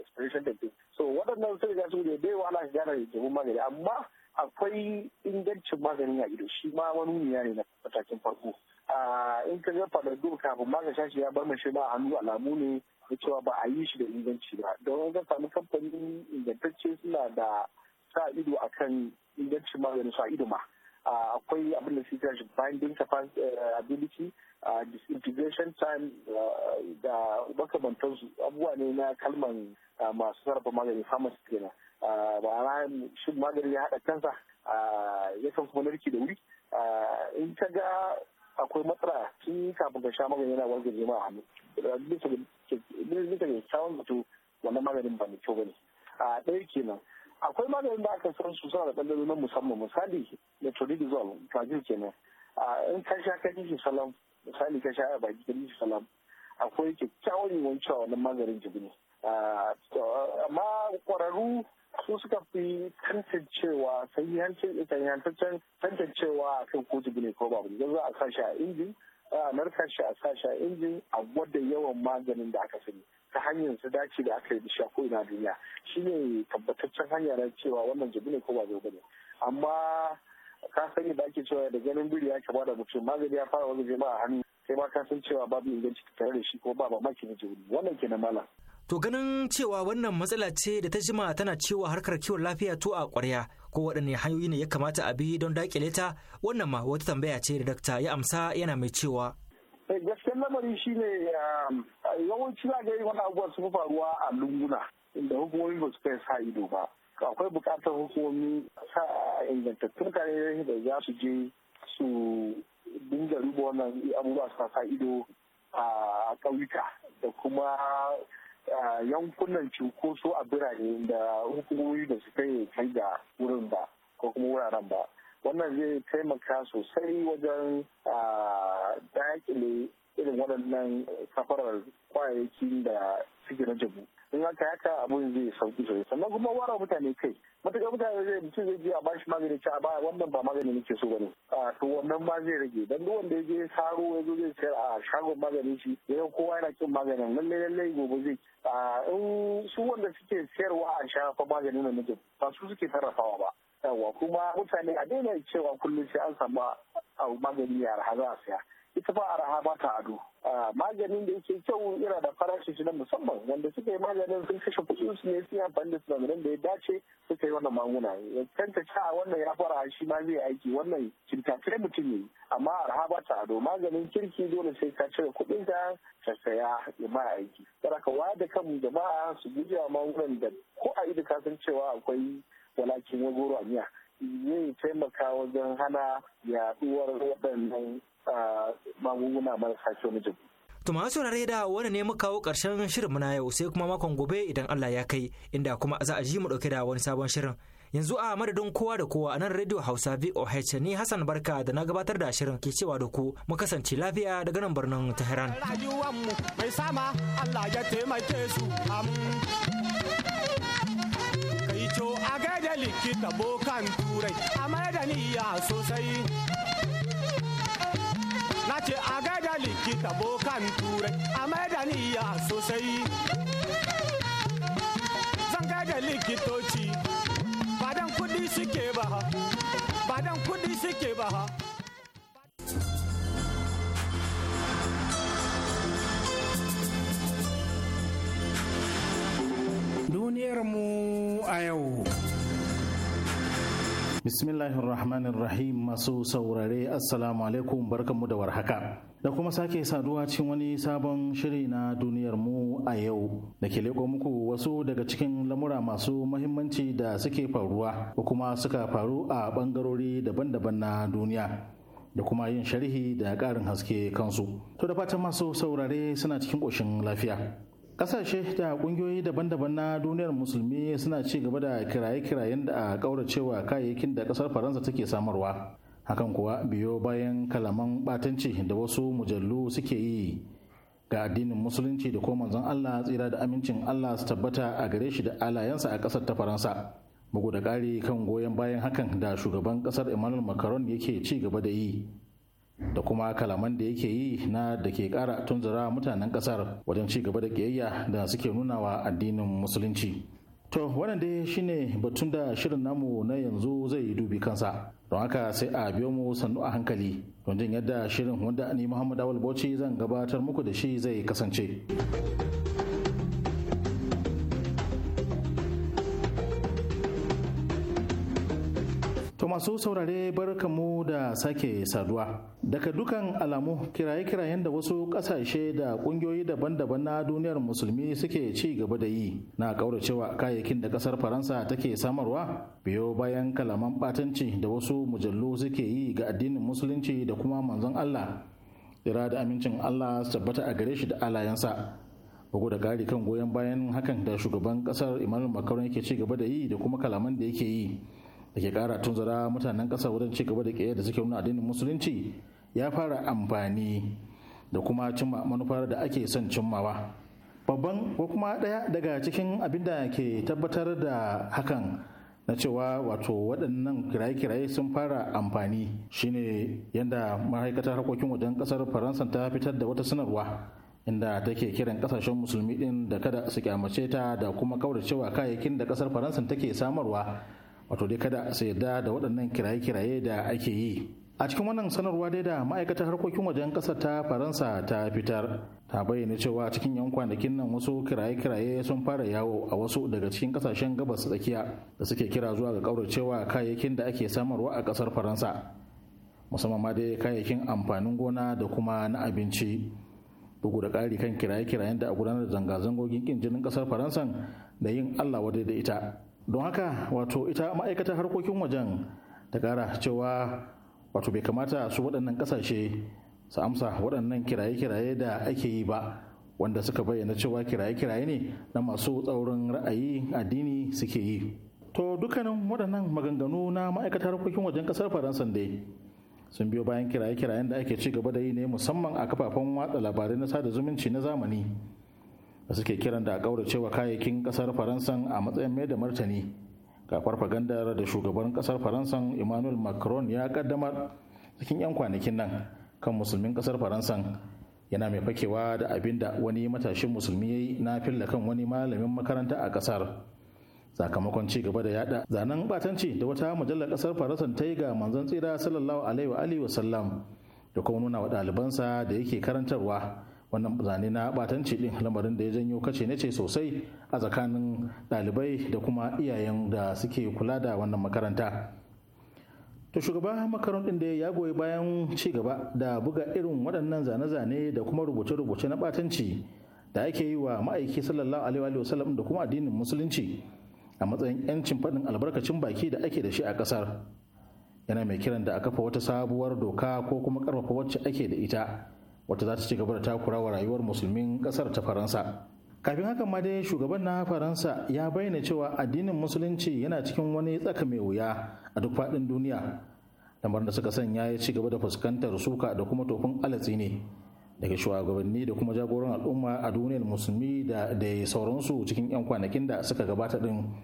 expiration date so waɗannan sai ga su ne bai wahala shi gane jamin magani amma akwai ingancin maganin a ido shi ma wani ne na matakin farko ah, in ka ga faɗaɗo kafin magani shi ya bar mashi ba hannu alamu ne da cewa ba a yi shi da inganci ba don zan sami kamfanin ingantacce suna da sa ido a kan ingancin maganin sa ido ma akwai abin da suke shi binding eh, ability disintegration time da makamantansu abubuwa ne na kalman masu sarrafa magani pharmacist kenan ba shi magani ya haɗa kansa ya yakan kuma narki da wuri in ka ga akwai matsala tun kafin ka sha magani yana wargaje ma a hannu mutu ba mai kyau ɗaya kenan akwai maganin da aka san su suna da na musamman misali metronidazole brazil kenan in ka sha ka ji salam misali ka sha baki ka ji akwai kyakkyawan yiwuwan cewa wannan maganin jibi ne amma ƙwararru su suka fi tantancewa yantaccen tantancewa a kan ko jibi ne ko babu za a sa shi a injin a narka shi a sasha a injin a gwada yawan maganin da aka sani ta hanyar su dace da aka yi da ko ina duniya Shi ne tabbataccen hanya na cewa wannan jibi ne ko ba zai bane amma ka sani da ake cewa da ganin biri ya kama da mutum magani ya fara wani jama'a hannu sai ma ka san cewa babu inganci tare da shi ko ba maki na jibi wannan na malam To ganin cewa wannan matsala ce da ta jima tana cewa harkar kiwon lafiya to a ƙwarya ko waɗanne hanyoyi ne ya kamata a bi don dakile ta wannan ma wata tambaya ce da dakta ya amsa yana mai cewa eh, gaskiyar shi ne um, yawanci za ga yi wani abubuwa su faruwa a lunguna inda hukumomi ba su kai sa ido ba akwai buƙatar hukumomi sa ingantattun kare da za su je su dinga ruba wannan abubuwa su sa ido a ƙauyuka da kuma yankunan cunkoso a birane da hukumomi da suka yi kai da wurin ba ko kuma wuraren ba wannan zai taimaka sosai wajen daƙile irin waɗannan safarar kwayayyakin da suke na jabu in haka haka abin zai sauki sosai sannan kuma wara mutane kai mutuka mutane zai mutum zai je a bashi magani ce a ba wannan ba magani nake so bane a to wannan ma zai rage dan duk wanda ya je saro ya zo zai sayar a shagon maganin shi idan kowa yana kin maganin lalle lalle gobe zai a in su wanda suke sayarwa a shafa maganin nan nake ba su suke sarrafawa ba yawa kuma mutane a daina cewa kullum sai an samu magani yara har za a saya ita ba araha ba ta ado maganin da yake kyau yana da farashi shi na musamman wanda suka yi maganin sun kashe kuɗi su ne sun yi amfani da sinadaran da ya dace suka yi wannan maguna kanta ta wannan ya fara shi ma zai aiki wannan kintace mutum ne amma araha ba ta ado maganin kirki dole sai ka cire kuɗin ka ka saya ya ma aiki saraka wa da kan jama'a su guje wa magunan da ko a ido ka san cewa akwai walakin wagoro a miya zai taimaka wajen hana yaɗuwar waɗannan magunguna marasa kyau na jiki. To masu saurare da wani ne muka kawo ƙarshen shirin na yau sai kuma makon gobe idan Allah ya kai inda kuma za a ji mu ɗauke da wani sabon shirin. Yanzu a madadin kowa da kowa a nan Radio Hausa VOH ni Hassan Barka da na gabatar da shirin ke cewa da ku mu kasance lafiya daga nan birnin Tehran. mu mai sama Allah ya taimake su Kai co a gaida likita bokan turai a madaniya sosai. ce a gaida likita bokan turai a maida niyya sosai zan gaida likitoci badan kudi suke ba ha badan kudi suke ba ha mu a yau Bismillahirrahmanirrahim masu saurare Assalamu alaikum barkanmu da warhaka. Da kuma sake saduwa cikin wani sabon shiri na duniyar mu a yau da ke leƙo muku wasu daga cikin lamura masu mahimmanci da suke faruwa ko kuma suka faru a bangarori daban-daban na duniya. da kuma yin sharhi da ƙarin haske kansu. To da fatan masu saurare suna cikin ƙoshin lafiya. kasashe da kungiyoyi daban-daban na duniyar musulmi suna ci gaba da kiraye-kirayen da a kauracewa kayayyakin da kasar faransa take samarwa hakan kuwa biyo bayan kalaman batanci da wasu mujallu suke yi ga addinin musulunci da kuma manzon allah tsira da amincin allah su tabbata a gare shi da alayensa a kasar ta faransa bugu da ƙari kan goyon bayan hakan da shugaban kasar emmanuel macron yake ci gaba da yi da kuma kalaman da yake yi na da ke kara tunzura mutanen kasar wajen ci gaba da kiyayya da suke nunawa addinin musulunci to wannan dai shine batun da shirin namu na yanzu zai yi dubi kansa don haka sai a biyo mu sannu a hankali don jin yadda shirin wanda ni Muhammadu awal bauchi zan gabatar muku da shi zai kasance. masu saurare mu da sake saduwa. Daga dukan alamu kiraye-kirayen da wasu kasashe da kungiyoyi daban-daban na duniyar musulmi suke ci gaba da yi na ƙauracewa kayayyakin da kasar Faransa take samarwa biyo bayan kalaman batanci da wasu mujallu suke yi ga addinin musulunci da kuma manzon Allah. Ira da amincin Allah su tabbata a gare shi da alayensa. bugu da gari kan goyon bayan hakan da shugaban kasar imanin makarun yake ci gaba da yi da kuma kalaman da yake yi. da ke kara tunzura mutanen ƙasa wajen ci gaba da ƙiyar da suke nuna addinin musulunci ya fara amfani da kuma cimma manufar da ake son cimmawa babban ko kuma ɗaya daga cikin abin da ke tabbatar da hakan na cewa wato waɗannan kiraye-kiraye sun fara amfani shine yadda ma'aikatar harkokin wajen ƙasar faransa ta fitar da wata sanarwa inda take kiran ƙasashen musulmi ɗin da kada su kyamace ta da kuma kauracewa kayayyakin da ƙasar faransa take samarwa wato dai kada su yarda da waɗannan kiraye-kiraye da ake yi a cikin wannan sanarwa dai da ma'aikatar harkokin wajen ƙasar ta faransa ta fitar ta bayyana cewa cikin yan kwanakin nan wasu kiraye-kiraye sun fara yawo a wasu daga cikin kasashen gabas tsakiya da suke kira zuwa ga kauracewa kayayyakin da ake samarwa a ƙasar faransa musamman ma dai kayayyakin amfanin gona da kuma na abinci bugu da ƙari kan kiraye-kirayen da a gudanar da zanga-zangogin ƙin jinin ƙasar faransan da yin allah wadai da ita don haka wato ita ma'aikatar harkokin wajen ta kara cewa wato bai kamata su waɗannan ƙasashe su amsa waɗannan kiraye-kiraye da ake yi ba wanda suka bayyana cewa kiraye-kiraye ne na masu tsaurin ra'ayi addini suke yi to dukkanin waɗannan maganganu na ma'aikatar harkokin wajen ƙasar faransa dai sun biyo bayan kiraye-kirayen da ake ci gaba da yi ne musamman a kafafen watsa labarai na sada zumunci na zamani da suke kiran da cewa kayayyakin kasar faransan a matsayin mai da martani ga farfagandar da shugaban kasar faransan emmanuel macron ya kaddamar cikin 'yan kwanakin nan kan musulmin kasar faransan yana mai fakewa da abin da wani matashin musulmi ya yi na filla kan wani malamin makaranta a kasar sakamakon ci gaba da yada zanen batanci da wata mujallar kasar faransan ta yi ga manzon tsira sallallahu alaihi wa alihi da kuma nuna wa ɗalibansa da yake karantarwa wannan zane na batanci din lamarin da ya janyo kace na ce sosai a tsakanin dalibai da kuma iyayen da suke kula da wannan makaranta to shugaba makarantun da ya goyi bayan ci gaba da buga irin waɗannan zane-zane da kuma rubuce-rubuce na batanci da ake yi wa ma'aiki sallallahu alaihi wa sallam da kuma addinin musulunci a matsayin yancin faɗin albarkacin baki da ake da shi a ƙasar yana mai kiran da a kafa wata sabuwar doka ko kuma karfafa wacce ake da ita wata za ta ci gaba da takura wa rayuwar musulmin kasar ta faransa kafin haka ma dai shugaban na faransa ya bayyana cewa addinin musulunci yana cikin wani tsaka mai wuya a duk faɗin duniya lamarin da suka sanya ya ci gaba da fuskantar suka da kuma tofin alatsi ne daga shugabanni da kuma jagoran al'umma a duniyar musulmi da da sauransu cikin 'yan kwanakin da suka gabata din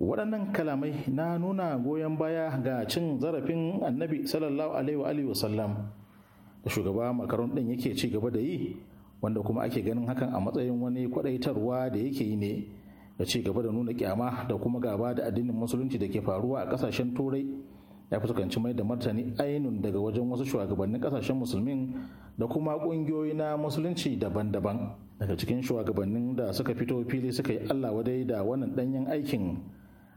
waɗannan kalamai na nuna goyon baya ga cin zarafin annabi sallallahu alaihi wa wasallam da shugaba makaron din yake ci gaba da yi wanda kuma ake ganin hakan a matsayin wani kwadaitarwa da yake yi ne da ci gaba da nuna kyama da kuma gaba da addinin musulunci da ke faruwa a kasashen turai ya fuskanci mai da martani ainun daga wajen wasu shugabannin kasashen musulmin da kuma kungiyoyi na musulunci daban-daban daga cikin shugabannin da suka fito fili suka yi allah wadai da wannan danyen aikin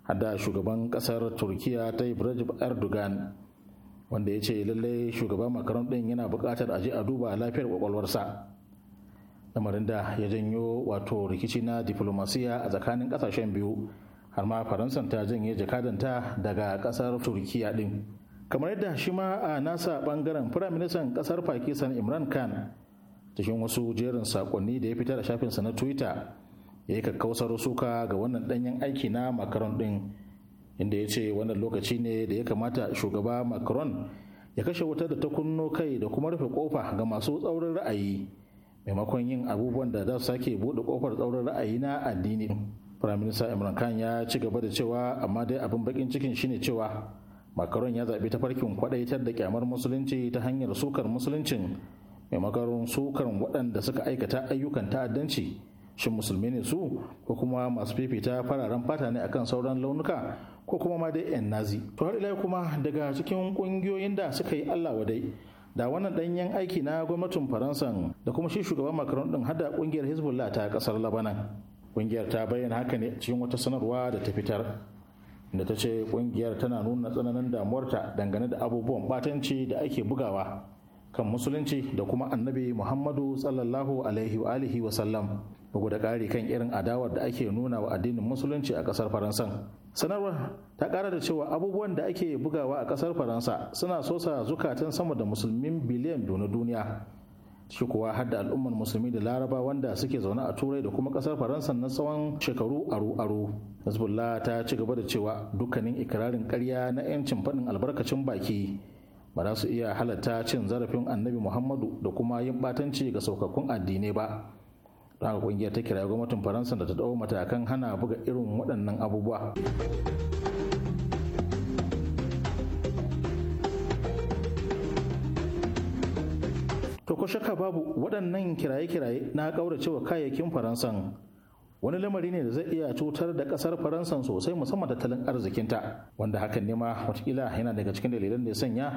hada shugaban kasar turkiya ta ibrahim erdogan wanda ya ce lallai shugaban makaron din yana bukatar a je a duba lafiyar kwakwalwarsa lamarin da ya janyo wato rikici na diflomasiya a tsakanin ƙasashen biyu har ma faransan ta janye jakadanta daga ƙasar turkiya din. kamar yadda shi ma a nasa ɓangaren firaministan ƙasar pakistan imran khan cikin wasu jerin sakonni da ya fitar da shafinsa na twitter ya yi kakkausar suka ga wannan ɗanyen aiki na makaron din. inda ya ce wannan lokaci ne da ya kamata shugaba macron ya kashe wutar da ta kunno kai da kuma rufe kofa ga masu tsaurin ra'ayi maimakon yin abubuwan da za su sake buɗe kofar tsaurin ra'ayi na addini firaminista imran khan ya ci gaba da cewa amma dai abin bakin cikin shine cewa macron ya zaɓi farkin kwaɗaitar da kyamar musulunci ta hanyar sukar musuluncin maimakon sukar waɗanda suka aikata ayyukan ta'addanci shin musulmi ne su ko kuma masu fifita fararen fata ne akan sauran launuka ko kuma ma dai 'yan nazi to har ila kuma daga cikin kungiyoyin da suka yi allah wadai da wannan danyen aiki na gwamnatin faransa da kuma shi shugaban Macron din hada kungiyar hezbollah ta kasar labanan kungiyar ta bayyana haka ne cikin wata sanarwa da ta fitar da ta ce kungiyar tana nuna tsananin damuwarta dangane da abubuwan batanci da ake bugawa kan musulunci da kuma annabi muhammadu sallallahu alaihi wa alihi wa sallam bugu da kari kan irin adawar da ake nuna wa addinin musulunci a kasar faransan sanarwar ta kara da cewa abubuwan da ake bugawa a kasar faransa suna sosa zukatan sama da musulmin biliyan biyu na duniya shi kuwa har da al'ummar musulmi da laraba wanda suke zaune a turai da kuma kasar faransa na tsawon shekaru aru-aru hezbollah ta ci gaba da cewa dukkanin ikirarin karya na 'yancin faɗin albarkacin baki ba za su iya halatta cin zarafin annabi muhammadu da kuma yin batanci ga saukakkun addinai ba da haka kungiyar ta kira gwamnatin faransa da ta dau matakan hana buga irin waɗannan abubuwa to ko shakka babu waɗannan kiraye-kiraye na ƙauracewa kayayyakin faransan wani lamari ne da zai iya cutar da ƙasar faransa sosai musamman tattalin arzikinta wanda hakan ne ma watakila yana daga cikin dalilan da ya sanya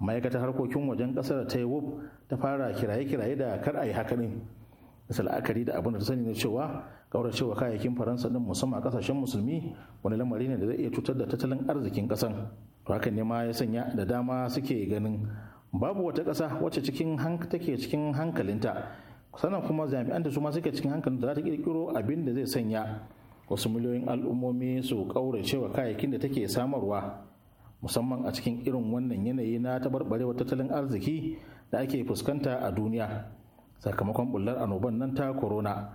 ma'aikatar harkokin wajen ƙasar ta yi ta fara kiraye-kiraye da kar a yi hakanin bisa la'akari da abin da ta sani na cewa kaurar cewa kayayyakin faransa din musamman a kasashen musulmi wani lamari ne da zai iya cutar da tattalin arzikin kasan to hakan ne ma ya sanya da dama suke ganin babu wata kasa wacce cikin take cikin hankalinta sannan kuma jami'an da su ma suke cikin hankalin da za ta kirkiro abin da zai sanya wasu miliyoyin al'ummomi su kauracewa cewa kayayyakin da take samarwa musamman a cikin irin wannan yanayi na tabarbarewar tattalin arziki da ake fuskanta a duniya sakamakon bullar annoban nan ta corona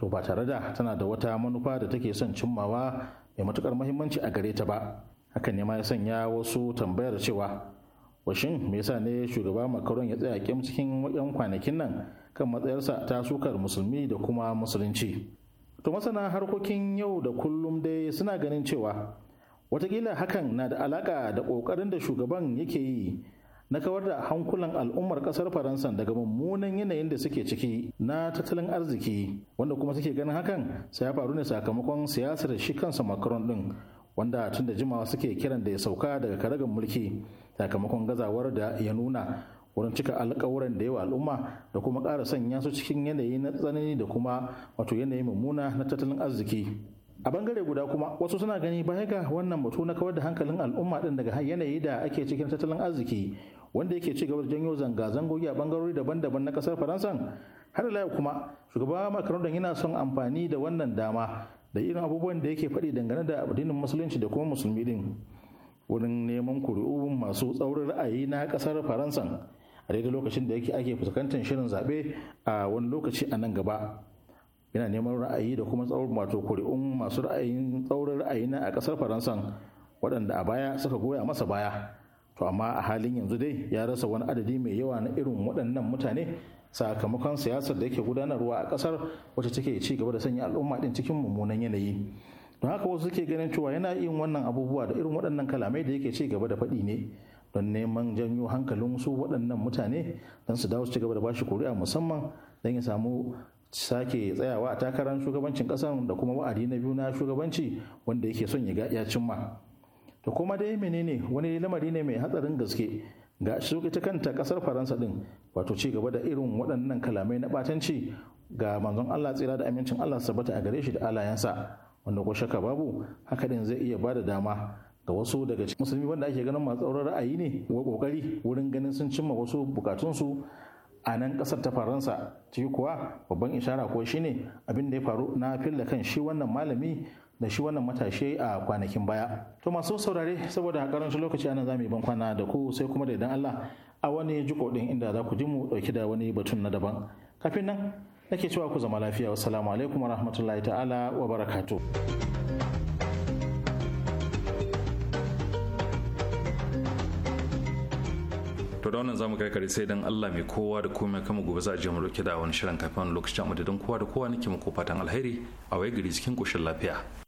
to ba tare da tana da wata manufa da take son cimmawa mai matukar muhimmanci a gare ta ba hakan ne ma ya sanya wasu tambayar cewa washin me yasa ne shugaba makaron ya tsaya kyam cikin yan kwanakin nan kan matsayarsa ta sukar musulmi da kuma musulunci to masana harkokin yau da kullum dai suna ganin cewa watakila hakan na da alaka da kokarin da shugaban yake yi na kawar da hankulan al'ummar kasar faransa daga mummunan yanayin da suke ciki na tattalin arziki wanda kuma suke ganin hakan sai ya faru ne sakamakon siyasar shi kansa macron din wanda tun da jimawa suke kiran da ya sauka daga karagar mulki sakamakon gazawar da ya nuna wurin cika alkawuran da yawa al'umma da kuma ƙara sanya su cikin yanayi na tsanani da kuma wato yanayi mummuna na tattalin arziki a bangare guda kuma wasu suna gani baya ga wannan batu na kawar da hankalin al'umma din daga yanayi da ake cikin tattalin arziki wanda yake ci gaba da janyo zanga-zangogi a bangarori daban-daban na kasar faransa har da layu kuma shugaban makarantar yana son amfani da wannan dama da irin abubuwan da yake faɗi dangane da addinin musulunci da kuma musulmi din wurin neman kuri'u masu tsaurin ra'ayi na kasar faransa a daidai lokacin da yake ake fuskantar shirin zaɓe a wani lokaci a nan gaba yana neman ra'ayi da kuma tsaurin wato kuri'un masu ra'ayin tsaurin ra'ayi na a kasar faransa waɗanda a baya suka goya masa baya to amma a halin yanzu dai ya rasa wani adadi mai yawa na irin waɗannan mutane sakamakon siyasar da yake gudanarwa a ƙasar wacce take ci gaba da sanya al'umma din cikin mummunan yanayi don haka wasu suke ganin cewa yana yin wannan abubuwa da irin waɗannan kalamai da yake ci gaba da faɗi ne don neman janyo hankalin su waɗannan mutane don su dawo su ci gaba da bashi kuri'a musamman don ya samu sake tsayawa a takarar shugabancin ƙasar da kuma wa'adi na biyu na shugabanci wanda yake son ya cimma. da kuma dai menene wani lamari ne mai hatsarin gaske ga shi ta kanta kasar faransa din wato ci gaba da irin waɗannan kalamai na batanci ga manzon allah tsira da amincin allah sabata a gare shi da alayansa wanda ko shaka babu haka din zai iya ba da dama ga wasu daga cikin musulmi wanda ake ganin masu tsauran ra'ayi ne wa kokari wurin ganin sun cimma wasu bukatunsu a nan kasar ta faransa ciki kuwa babban ishara ko shine abin da ya faru na filla kan shi wannan malami da shi wannan matashe a kwanakin baya. To masu saurare saboda karancin lokaci ana zamu yi bankwana da ku sai kuma da idan Allah a wani jiko din inda za ku ji mu dauki da wani batun na daban. Kafin nan nake cewa ku zama lafiya wassalamu alaikum warahmatullahi ta'ala wa barakatuh. to da wannan zamu kai kare sai dan Allah mai kowa da komai kama gobe za a je mu dauke da wani shirin kafin lokacin mu da dan kowa da kowa nake muku fatan alheri a waye gari cikin koshin lafiya